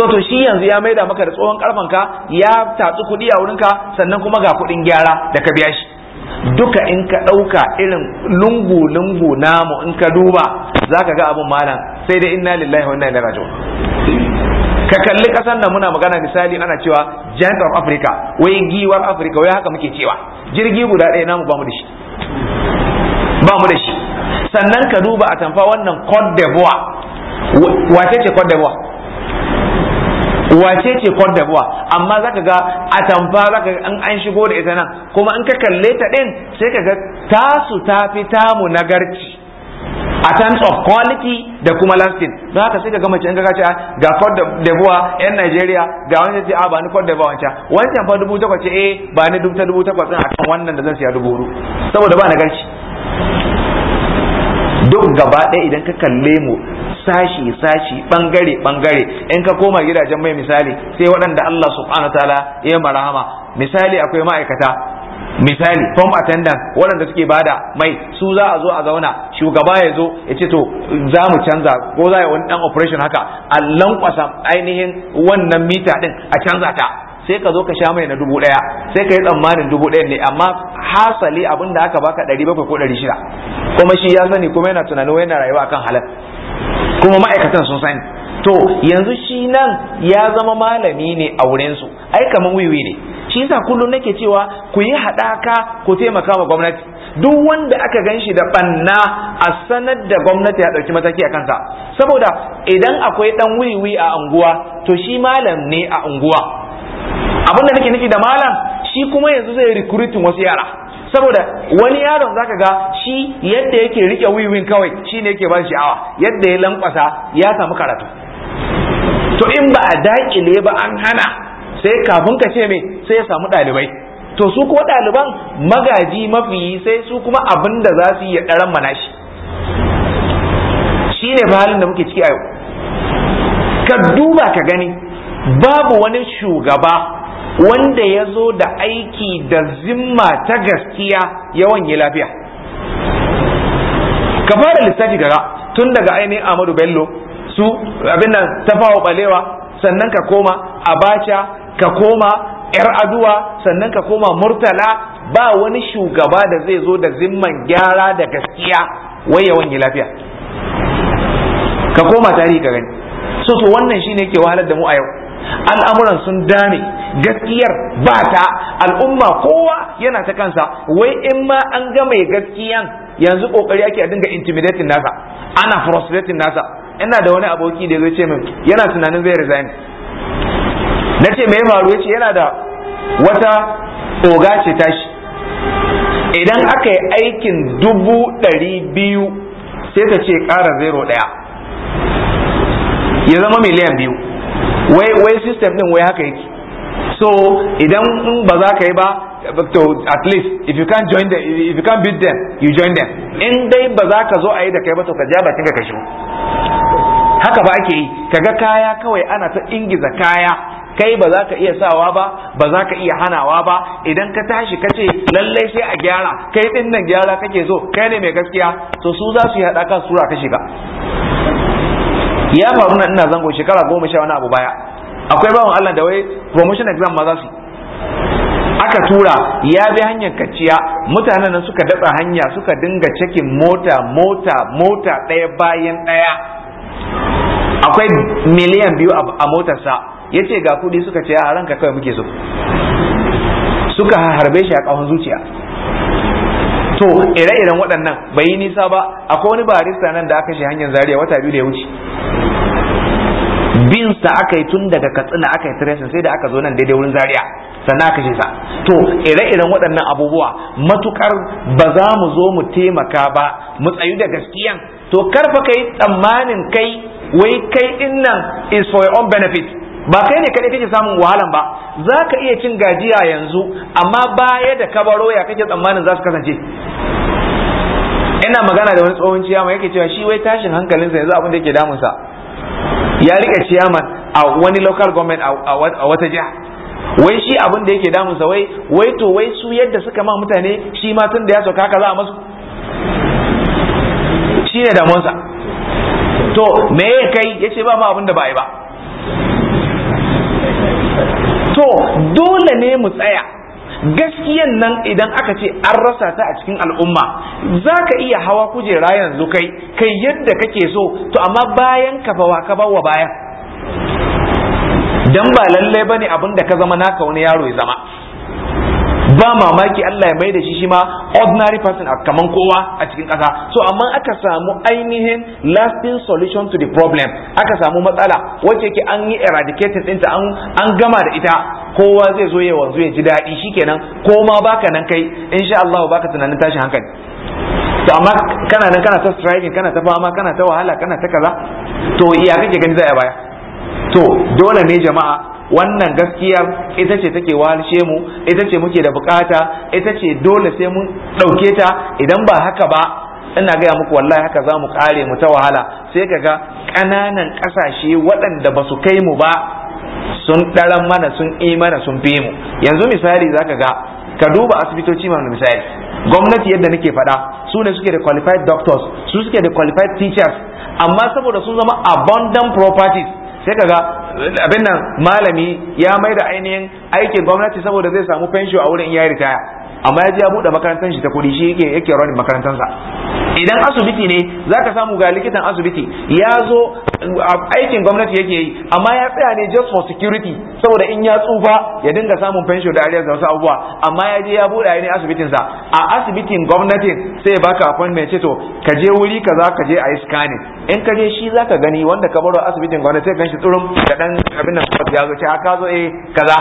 so to shi yanzu ya maida maka da tsohon karfanka ya tatsi kuɗi a wurinka sannan kuma ga kuɗin gyara da ka biya shi duka in ka ɗauka irin lungu-lungu namu in ka duba za ga abin malam sai dai inna lillahi wa inna ilaihi raji'un ka kalli kasar nan muna magana misali ana cewa giant of africa wai giwar africa wai haka muke cewa jirgi guda ɗaya namu ba mu da shi ba mu da shi sannan ka duba a tamfa wannan cote d'ivoire wace ce cote d'ivoire wace ce Cote d'Ivoire amma zaka ga tamfa zaka ga an shigo da ita nan kuma in ka kalle ta din sai ka ga tasu ta fi tamu nagarci a terms of quality da kuma lasting don haka sai ka gama mace gaggace ka ce ah, ga Cote d'Ivoire yan Najeriya ga wanda ce a ah, ba ni Cote d'Ivoire wancan wancan fa dubu takwas ce eh ba ni dubu ta dubu takwas a kan wannan da zan siya dubu hudu saboda ba nagarci duk gaba ɗaya idan ka kalle mu sashi sashi bangare bangare in ka koma gidajen mai misali sai waɗanda Allah subhanahu Ta'ala ya marahama misali akwai ma'aikata misali form attendant waɗanda suke bada mai su za a zo a zauna shugaba ya zo ya ce to za mu canza ko za a wani dan operation haka a lankwasa ainihin wannan mita ɗin a canza ta sai ka zo ka sha mai na dubu ɗaya sai ka yi tsammanin dubu ɗaya ne amma hasali abin da aka baka ɗari bakwai ko ɗari shida kuma shi ya sani kuma yana tunanin yana rayuwa akan halal kuma ma'aikatan sun sani to yanzu shi nan ya zama malami ne a su. ai kamar wiwi ne shi yasa kullum nake cewa ku yi haɗaka ku taimaka wa gwamnati duk wanda aka ganshi da banna a sanar da gwamnati ya ɗauki mataki a kansa saboda idan akwai ɗan wiwi a unguwa to shi malam ne a unguwa abin da nake nufi da malam shi kuma yanzu zai recruiting wasu yara saboda wani yaron zaka ga shi yadda yake rike wiwin kawai shine yake ban sha'awa yadda ya lankwasa ya samu karatu to in ba a daƙile ba an hana sai kafin ka ce me sai ya samu ɗalibai to su kuma ɗaliban magaji mafi sai su kuma abin da za su yi ya ɗaran mana shi shi ne halin da muke ciki a yau ka duba ka gani babu wani shugaba wanda ya zo da aiki da zimma ta gaskiya yawan yi lafiya ka fara lissafi gara tun daga ainihin Amadu Bello su abin nan tafawa balewa sannan ka koma abacha ka koma yar aduwa sannan ka koma murtala ba wani shugaba da zai zo da zimman gyara da gaskiya wai yawan yi lafiya ka koma tarihi ka gani so to wannan shine ke wahalar da mu a yau al'amuran sun dame gaskiyar ba ta al'umma kowa yana ta kansa wai in ma an ga mai gaskiyan yanzu kokari ake a dinga intimidating nasa ana frustrating nasa ina da wani aboki da zai ce min yana tunanin zai resign na ce mai faru yace yana da wata oga ce tashi idan aka yi aikin dubu ɗari biyu sai ta ce ƙara zero ɗaya ya zama miliyan biyu wai wai system din wai haka yake so idan in ba za ka yi ba to at least if you can join them if you can beat them you join them in dai ba za ka zo a yi da kai ba to ka ja bakin ka shigo haka ba ake yi kaga kaya kawai ana ta ingiza kaya kai ba za ka iya sawa ba ba za ka iya hanawa ba idan ka tashi ka ce lallai sai a gyara kai din nan gyara kake so kai ne mai gaskiya to su za su yi haɗa kan sura ka shiga ya faru na ina zango shekara goma sha wani abu baya akwai bawan Allah da wai promotion exam ma za su aka tura ya bi hanyar kaciya mutanen nan suka daɗa hanya suka dinga cikin mota mota mota ɗaya bayan ɗaya akwai miliyan biyu a motarsa ya ce ga kuɗi suka ce a ranka kawai muke so suka harbe shi a ƙahon zuciya to ire-iren waɗannan bai yi nisa ba akwai wani barista nan da aka shi hanyar Zariya wata biyu da ya wuce bin sa aka yi tun daga katsina aka yi tresin sai da aka zo nan daidai wurin Zariya, sannan aka shi sa to ire-iren waɗannan abubuwa matukar ba za mu zo mu taimaka ba mu tsayu da gaskiyan to karfa kai tsammanin kai wai kai din nan is for your own benefit ba kai ne kadai kake samun wahalan ba za ka iya cin gajiya yanzu amma baya da kabaro ya kake tsammanin za su kasance ina magana da wani tsohon ciyaman yake cewa shi wai tashin hankalinsa yanzu abin da yake damunsa ya rike ciyaman a wani local government a wata jiha wai shi abin da yake damunsa wai wai to wai su yadda suka ma mutane shi ma tun da ya sauka haka za a masu shi ne damunsa to me kai yace ba ma abin da ba yi ba dole ne mu tsaya gaskiyan nan idan aka ce an rasa ta a cikin al'umma za ka iya hawa kujera yanzu kai kai yadda kake so to amma bayan ka bawa ka bawa bayan dan ba lallai bane abin da ka zama naka wani yaro ya zama ba mamaki Allah ya mai da shi shi ma ordinary person a kaman kowa a cikin ƙasa so amma aka samu ainihin lasting solution to the problem aka samu matsala wacce ke an yi eradicating ɗinta an gama da ita kowa zai zo ya wanzu ya ji daɗi shikenan ko ma baka nan kai insha Allah baka tunanin tashi hankali to amma kana nan kana ta striving kana ta fama kana ta wahala kana ta kaza to iya kake gani za a baya to dole ne jama'a wannan gaskiya ita ce take walshe mu ita ce muke da bukata ita ce dole sai mun ɗauke ta idan ba haka ba ina gaya muku wallahi haka za mu kare mu ta wahala sai kaga ƙananan ƙasashe waɗanda ba su kai mu ba sun ɗaran mana sun yi mana sun fi mu yanzu misali zaka ga ka duba asibitoci mana misali gwamnati yadda nake faɗa su ne suke da qualified doctors su suke da qualified teachers amma saboda sun zama abundant properties sai ga abin nan malami ya mai da ainihin aikin gwamnati saboda zai samu fenshi a wurin in ya ritaya amma ya je ya buɗe makarantar shi ta kudi shi yake yake makarantar sa. idan asibiti ne zaka samu ga likitan asibiti ya zo aikin gwamnati yake yi amma ya tsaya ne just for security saboda in ya tsufa ya dinga samun pension da ariyar da wasu abubuwa amma ya je ya buɗe ne sa. a asibitin gwamnatin sai ya baka appointment ce to ka je wuri kaza ka je a yi scanning in ka je shi zaka gani wanda ka baro asibitin gwamnati sai ganshi tsurum da dan abin nan ya zo ce ah, ka zo eh kaza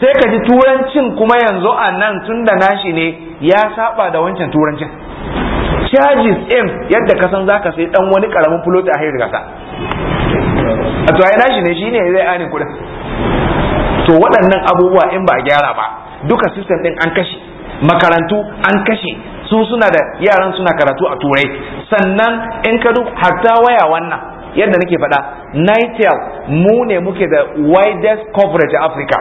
sai ka ji turancin kuma yanzu a nan tun tunda nashi ne ya saba da wancan turancin charges in yadda ka san zaka sai dan wani karamin fulot a hayar gasa a to ai nashi ne shine zai anin kudin to waɗannan abubuwa in ba a gyara ba duka system din an kashe makarantu an kashe su suna da yaran suna karatu a turai sannan in ka duk hatta waya wannan yadda nake faɗa nitel mu ne muke da widest coverage a africa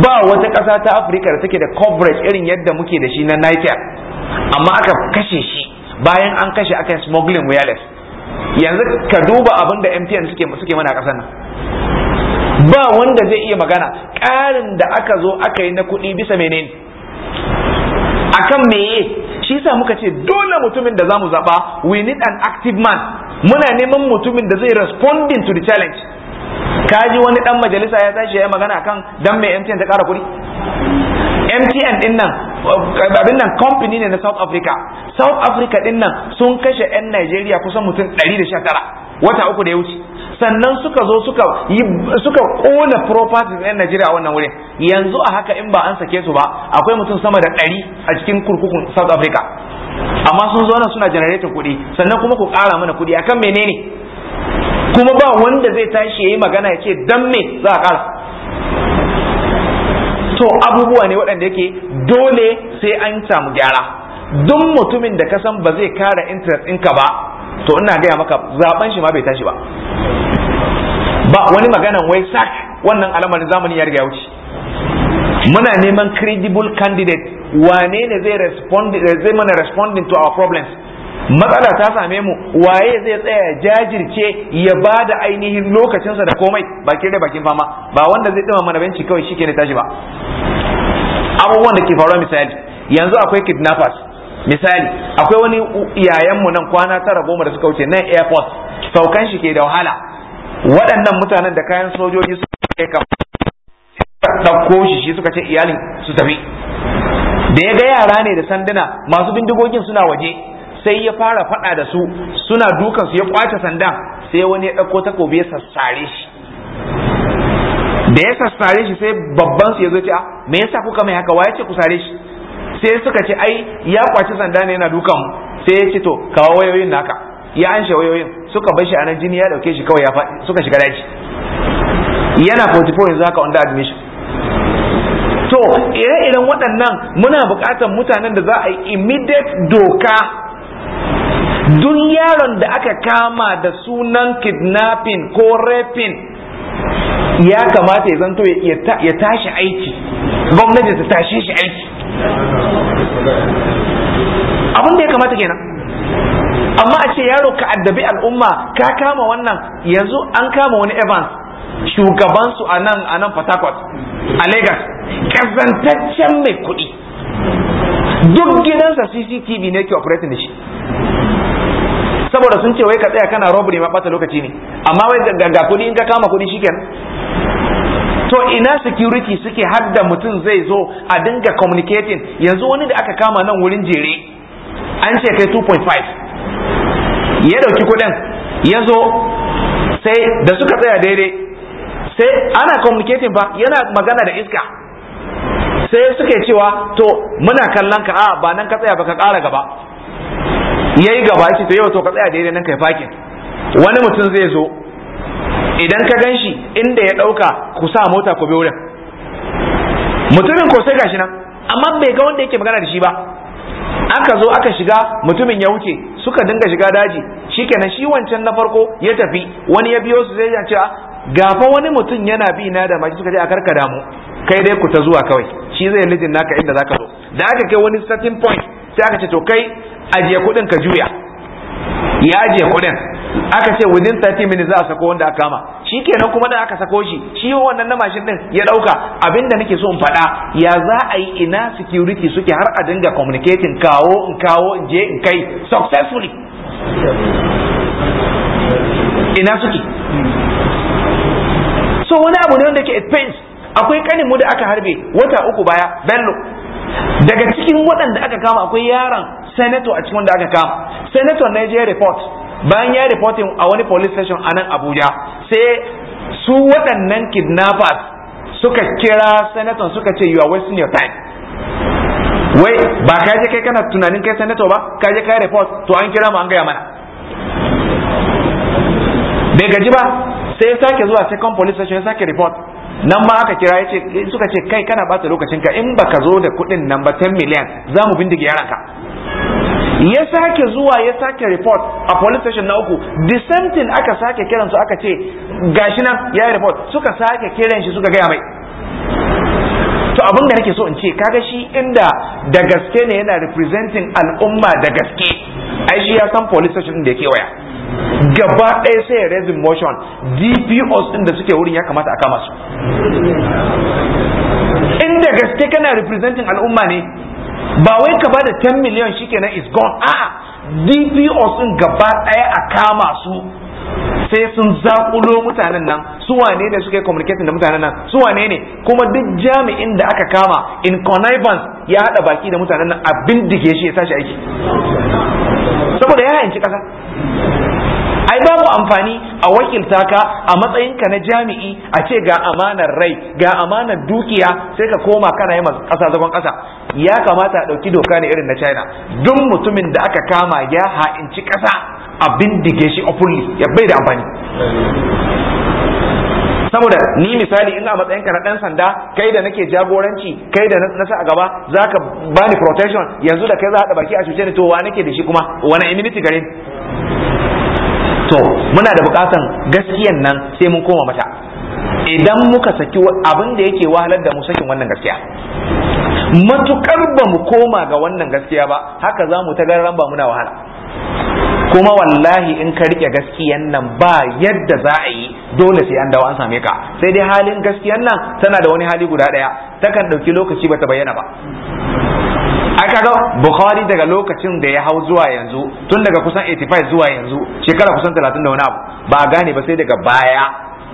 ba wata ƙasa ta afirka da take da coverage irin yadda muke da shi na Niger, amma aka kashe shi bayan an kashe aka smuggling wireless yanzu ka duba abin da mtn suke mana ƙasar nan ba wanda zai iya magana ƙarin da aka zo aka yi na kuɗi bisa menene akan meye shi sa muka ce dole mutumin da za mu zaba we need an active man muna neman mutumin da zai responding to the challenge Ka ji wani dan majalisa ya tashi ya magana kan dan mai MTN ta kara kuɗi MTN din nan abin nan company ne na South Africa South Africa din nan sun kashe 'yan Najeriya kusan mutum 119 wata uku da ya wuce sannan suka zo suka yi suka kona properties na Najeriya wannan wurin yanzu a haka in ba an sake su ba akwai mutum sama da ɗari a cikin kurkukun South Africa amma sun zo nan suna generating kuɗi sannan kuma ku kara mana kuɗi akan menene kuma ba wanda zai tashi yayi magana ya ce dan me za a ƙara to abubuwa ne waɗanda yake dole sai an samu gyara duk mutumin da ka san ba zai kara interest ɗinka ba to ina gaya maka zaben shi ma bai tashi ba ba wani maganan wai sak wannan alamarin zamani ya riga ya wuce muna neman credible candidate wane ne zai respond zai mana responding to our problems matsala ta same mu waye zai tsaya jajirce ya ba da ainihin lokacinsa da komai bakin da bakin fama ba wanda zai dima mana benci kawai shi ke tashi ba abubuwan da ke faruwa misali yanzu akwai kidnappers misali akwai wani yayanmu nan kwana tara goma da suka wuce nan airport saukan shi ke da wahala waɗannan mutanen da kayan sojoji su kai kam ɗauko shi shi suka ce iyalin su tafi da ya ga yara ne da sanduna masu bindigogin suna waje sai ya fara faɗa da su suna dukan su ya kwace sandan sai wani ya ɗauko takobi ya sassare shi da ya sassare shi sai babban su ya zo ce a ah, me yasa kuka mai haka waye ce ku sare shi sai suka ce ai ya kwace sanda ne yana dukan mu sai ya ce to kawo wayoyin naka ya anshe wayoyin suka bar shi anan jini ya dauke shi kawai ya faɗi suka shiga daji yana 44 yanzu haka under admission to ire-iren waɗannan muna buƙatar mutanen da za a yi immediate doka duk yaron da aka kama da sunan kidnapping ko raping ya kamata ya zanto ya tashi aiki gwamnati ta tashe shi aiki abin da ya kamata kenan amma a ce yaro ka addabi al'umma ka kama wannan yanzu an kama wani evans shugabansu a nan a nan Fatakwat a Legas kazantaccen mai kuɗi duk gidansa CCTV ne ke operating da shi saboda sun ce wai ka tsaya kana robbery ma bata lokaci ne amma wai ga kuɗi in ka kama kuɗi shikenan to ina security suke hadda mutum zai zo a dinga communicating yanzu wani da aka kama nan wurin jere an ce kai 2.5 ya dauki kuɗin ya zo sai da suka tsaya daidai sai ana communicating ba yana magana da iska sai suke cewa to muna kallon ka a ba nan ka tsaya ba ka kara gaba yayi gaba shi ta yau to ka tsaya da nan kai fakin wani mutum zai zo idan ka gan ganshi inda ya ɗauka ku sa mota ku bi wurin mutumin ko sai gashi nan amma bai ga wanda yake magana da shi ba aka zo aka shiga mutumin ya wuce suka dinga shiga daji shikenan shi wancan na farko ya tafi wani ya biyo su zai ce ah, gafa wani mutum yana bi na da maji suka je a karkada damu kai dai ku ta zuwa kawai shi zai lijin naka inda zaka zo da aka kai wani starting point sai aka ce to kai ajiye kuɗin ka juya ya ajiye kuɗin aka ce within 30 minutes za a sako wanda aka kama shi kenan kuma da aka sako shi shi wannan na mashin din ya dauka abinda nake so in faɗa ya za a yi ina security suke har a dinga communicating kawo in kawo in je in kai successfully ina suke so wani abu ne wanda ke expense akwai kanin mu da aka harbe wata uku baya bello daga cikin waɗanda aka kama akwai yaron senator a cikin wanda aka kama senator na je report bayan ya reporting a wani police station a nan abuja sai su waɗannan kidnappers suka kira senator suka ce you are wasting your time wai ba ka je kai kana tunanin kai senator ba ka je kai report to an kira mu an gaya mana bai gaji ba sai ya sake zuwa second police station ya sake report nan ma aka kira ya ce suka ce kai kana bata lokacin ka in ba ka zo da kuɗin nan ba 10 miliyan za mu bindige ka. ya sake zuwa ya sake report a police station na uku the same aka sake kiransu aka ce gashi nan ya report suka sake kiran shi suka gaya mai abin da nake so in ce kaga shi inda da gaske ne yana representing al'umma da gaske ai shi ya san police station da yake waya gaba ɗaya sai ya motion dpos ɗin da suke wurin ya kamata a kama su inda gaske kana representing al'umma ne ba wai ka bada 10 miliyan shikenan is gone a'a dpos ɗin gaba ɗaya a kama su sai sun zakulo mutanen nan su wane ne suka yi communicating da mutanen nan su wane ne kuma duk jami'in da aka kama in connivance ya hada baki da mutanen nan a bindige shi ya tashi aiki saboda ya hayanci kasa ai babu amfani a wakilta ka a matsayinka na jami'i a ce ga amanar rai ga amanar dukiya sai ka koma kana yi masu ƙasa zagon ƙasa ya kamata a ɗauki doka ne irin na china duk mutumin da aka kama ya ha'inci kasa a bindige shi openly ya bai da amfani saboda ni misali ina matsayin ka na dan sanda kai da nake jagoranci kai da na sa a gaba zaka bani protection yanzu da kai za haɗa baki a cuce ni to wa nake da shi kuma wani immunity gare to muna da bukatan gaskiyan nan sai mun koma mata idan muka saki abin da yake wahalar da mu sakin wannan gaskiya matukar ba mu koma ga wannan gaskiya ba haka za mu ta garan ba muna wahala kuma wallahi in ka rike gaskiyan nan ba yadda za a yi dole sai an dawo an same ka sai dai halin gaskiyan nan tana da wani hali guda ɗaya takan ɗauki lokaci bata bayyana ba ai kaga bukhari daga lokacin da ya hau zuwa yanzu tun daga kusan 85 zuwa yanzu shekara kusan 30 da wani abu ba a gane ba sai daga baya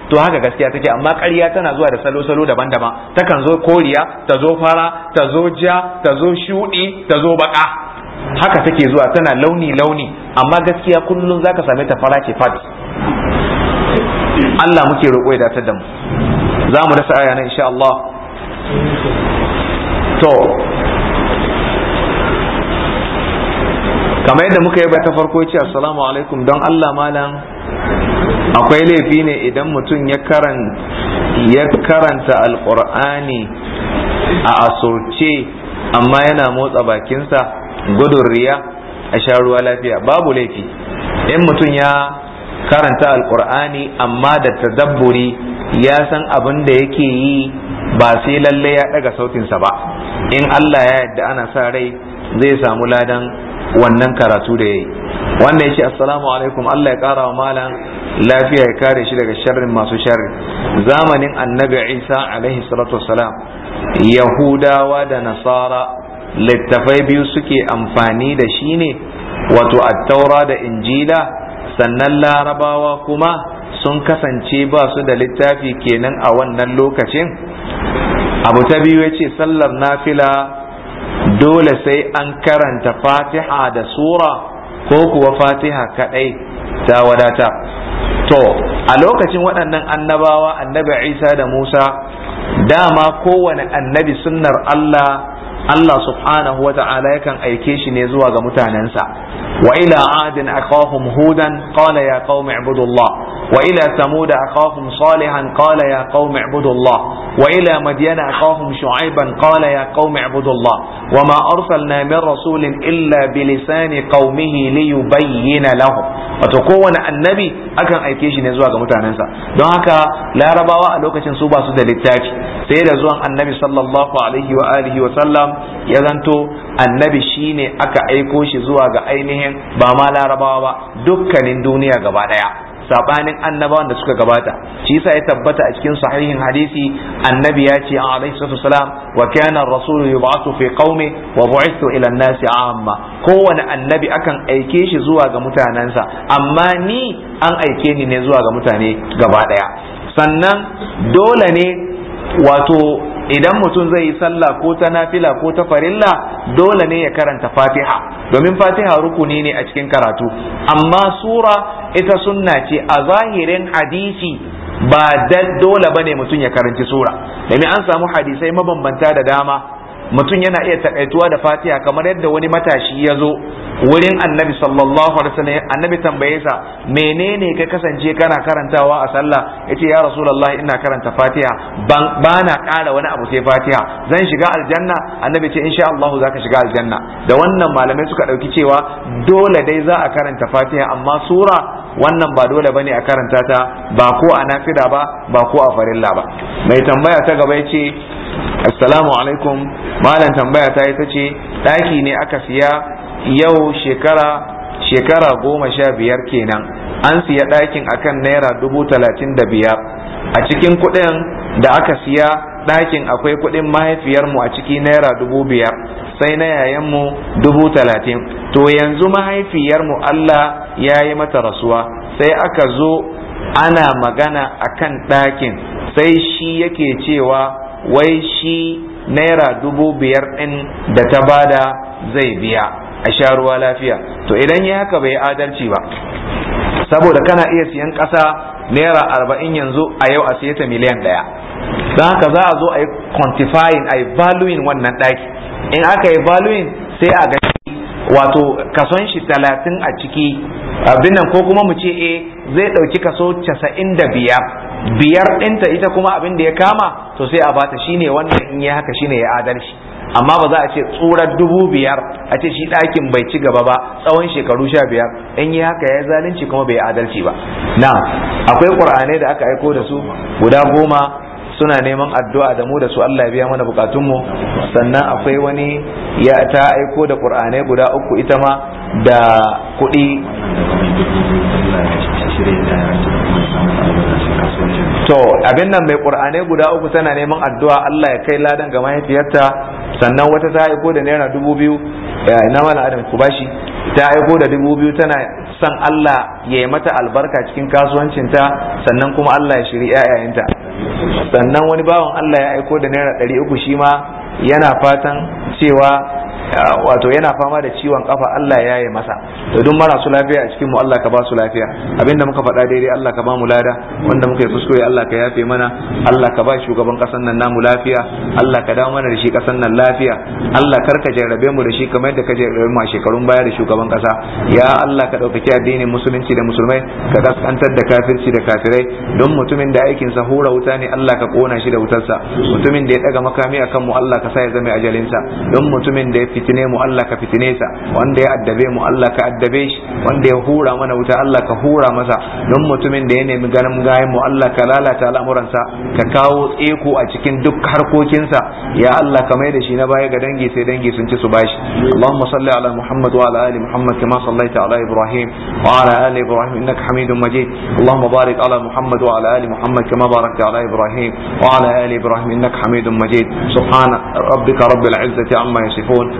to haka gaskiya take amma ƙarya tana zuwa da salo-salo daban-daban takan zo koriya ta zo fara ta zo ja ta zo shuɗi ta zo baka haka take zuwa tana launi launi amma gaskiya kullum zaka same ta fara ce fadi Allah muke roƙo ya datar da mu za mu rasa aya nan insha Allah to kamar yadda muka yi ta farko ce assalamu alaikum don Allah malam akwai laifi ne idan mutum ya karanta alƙur'ani a asurce amma yana motsa bakinsa gudun riya a sha ruwa lafiya babu laifi in mutum ya karanta alkur'ani amma da tadabburi ya san abin da yake yi ba sai lalle ya daga sautinsa ba in Allah ya yarda ana sa rai zai samu ladan wannan karatu da yayi wanda ya ce assalamu alaikum Allah ya kara wa malam lafiya ya kare shi daga sharrin masu sharri zamanin annabi Isa alaihi salatu wassalam yahudawa da nasara littafai biyu suke amfani da shi ne wato attaura da injila sannan larabawa kuma sun kasance ba su da littafi kenan a wannan lokacin abu ta biyu ya ce sallar nafila dole sai an karanta fatiha da sura ko kuwa fatiha kadai ta wadata to a lokacin waɗannan annabawa annabi isa da musa dama kowane annabi sunnar allah Allah subhanahu wa ta'ala yakan aike shi ne zuwa ga mutanensa wa ila adin akhahum hudan qala ya qaumi ibudullah wa ila samud akhahum salihan qala ya qaumi ibudullah wa ila madyan akhahum shu'aiban qala ya qaumi ibudullah wa ma arsalna min rasulin illa bi lisani qaumihi liyubayyana lahum wato kowane annabi akan aike shi ne zuwa ga mutanensa don haka larabawa a lokacin su ba su da littafi sai da zuwan annabi sallallahu alaihi wa alihi wa sallam ya zanto annabi shine aka aiko shi zuwa ga ainihin ba ma larabawa ba dukkanin duniya gaba daya sabanin annabawan da suka gabata shi yasa ya tabbata a cikin sahihin hadisi annabi ya ce alaihi salatu wasalam wa kana ar-rasulu yub'athu fi qaumi wa bu'ithu ila an-nasi amma kowane annabi akan aike shi zuwa ga mutanansa amma ni an aike ni ne zuwa ga mutane gaba daya sannan dole ne wato idan mutum zai yi sallah ko ta nafila ko ta farilla dole ne ya karanta fatiha domin fatiha rukuni ne a cikin karatu amma sura ita sunna ce a zahirin hadisi ba dole bane mutum ya karanci sura domin an samu hadisai mabambanta da dama mutum yana iya takaituwa da fatiha kamar yadda wani matashi ya zo wurin annabi sallallahu alaihi wasallam annabi tambaye sa menene ka kasance kana karantawa a sallah yace ya rasulullahi ina karanta fatiha ban bana ƙara wani abu sai fatiha zan shiga aljanna annabi ce insha Allah zaka shiga aljanna da wannan malamai suka dauki cewa dole dai za a karanta fatiha amma sura wannan ba dole bane a karanta ta ba ko a nafida ba ba ko a farilla ba mai tambaya ta gaba yace assalamu alaikum malam tambaya ta ita ce daki ne aka siya yau shekara shekara goma sha biyar kenan an siya dakin akan naira dubu talatin da biyar a cikin kuɗin da aka siya ɗakin akwai kuɗin mahaifiyarmu a ciki naira dubu biyar sai na yayanmu dubu talatin to yanzu mahaifiyarmu Allah ya yi mata rasuwa sai aka zo ana magana a kan ɗakin sai shi yake cewa wai shi naira dubu biyar ɗin da ta bada zai biya a sha ruwa lafiya to idan ya haka bai adalci ba saboda kana iya siyan ƙasa naira arba'in yanzu a yau a siyata miliyan ɗaya don haka za a zo a yi quantifying a yi valuing wannan ɗaki in aka yi valuing sai a gani wato kason shi talatin a ciki abin nan ko kuma mu ce e zai ɗauki kaso casa'in da biyar biyar ɗinta ita kuma abin da ya kama to sai a bata shine wannan in ya haka shine ya adalci amma ba za a ce tsurar dubu biyar a ce shi ɗakin bai ci gaba ba tsawon shekaru sha biyar in yi haka ya zalunci kuma bai adalci ba na akwai ƙur'anai da aka aiko da su guda goma suna neman addu'a da mu da su Allah ya biya mana bukatunmu sannan akwai wani ya ta aiko da qur'anai guda uku ita ma da kuɗi to abin nan mai qur'anai guda uku tana neman addu'a Allah ya kai ladan ga mahaifiyarta sannan wata ta aiko da naira dubu biyu ina mana adam ku bashi ta aiko da dubu biyu tana san Allah ya yi mata albarka cikin kasuwancinta sannan kuma Allah ya shiri 'ya'yayenta sannan wani bawan Allah ya aiko da naira 300 shi ma yana fatan cewa wato yana fama da ciwon kafa Allah ya yi masa to duk marasu lafiya a cikin mu Allah ka ba su lafiya abinda muka faɗa daidai Allah ka ba mu lada wanda muka yi kuskure Allah ka yafe mana Allah ka ba shugaban ƙasar nan namu lafiya Allah ka dawo mana da shi ƙasar nan lafiya Allah kar ka jarrabe mu da shi kamar yadda ka jarrabe mu a shekarun baya da shugaban ƙasa, ya Allah ka ɗaukaki addinin musulunci da musulmai ka kaskantar da kafirci da kafirai don mutumin da aikin sa hura wuta ne Allah ka kona shi da wutarsa mutumin da ya daga makami akan mu Allah ka sa ya zama ajalinsa don mutumin da ya fi fitine mu Allah ka fitine sa wanda ya addabe mu Allah ka addabe shi wanda ya hura mana wuta Allah ka hura masa don mutumin da ya nemi ganin gayen mu Allah ka lalata al'amuransa ka kawo tseko a cikin duk harkokinsa ya Allah ka mai da shi na baya ga dangi sai dangi sun ci su bashi Allahumma salli ala Muhammad wa ala ali Muhammad kama sallaita ala Ibrahim wa ala ali Ibrahim innaka Hamidum Majid Allahumma barik ala Muhammad wa ala ali Muhammad kama barakta ala Ibrahim wa ala ali Ibrahim innaka Hamidum Majid subhana rabbika rabbil izzati amma yasifun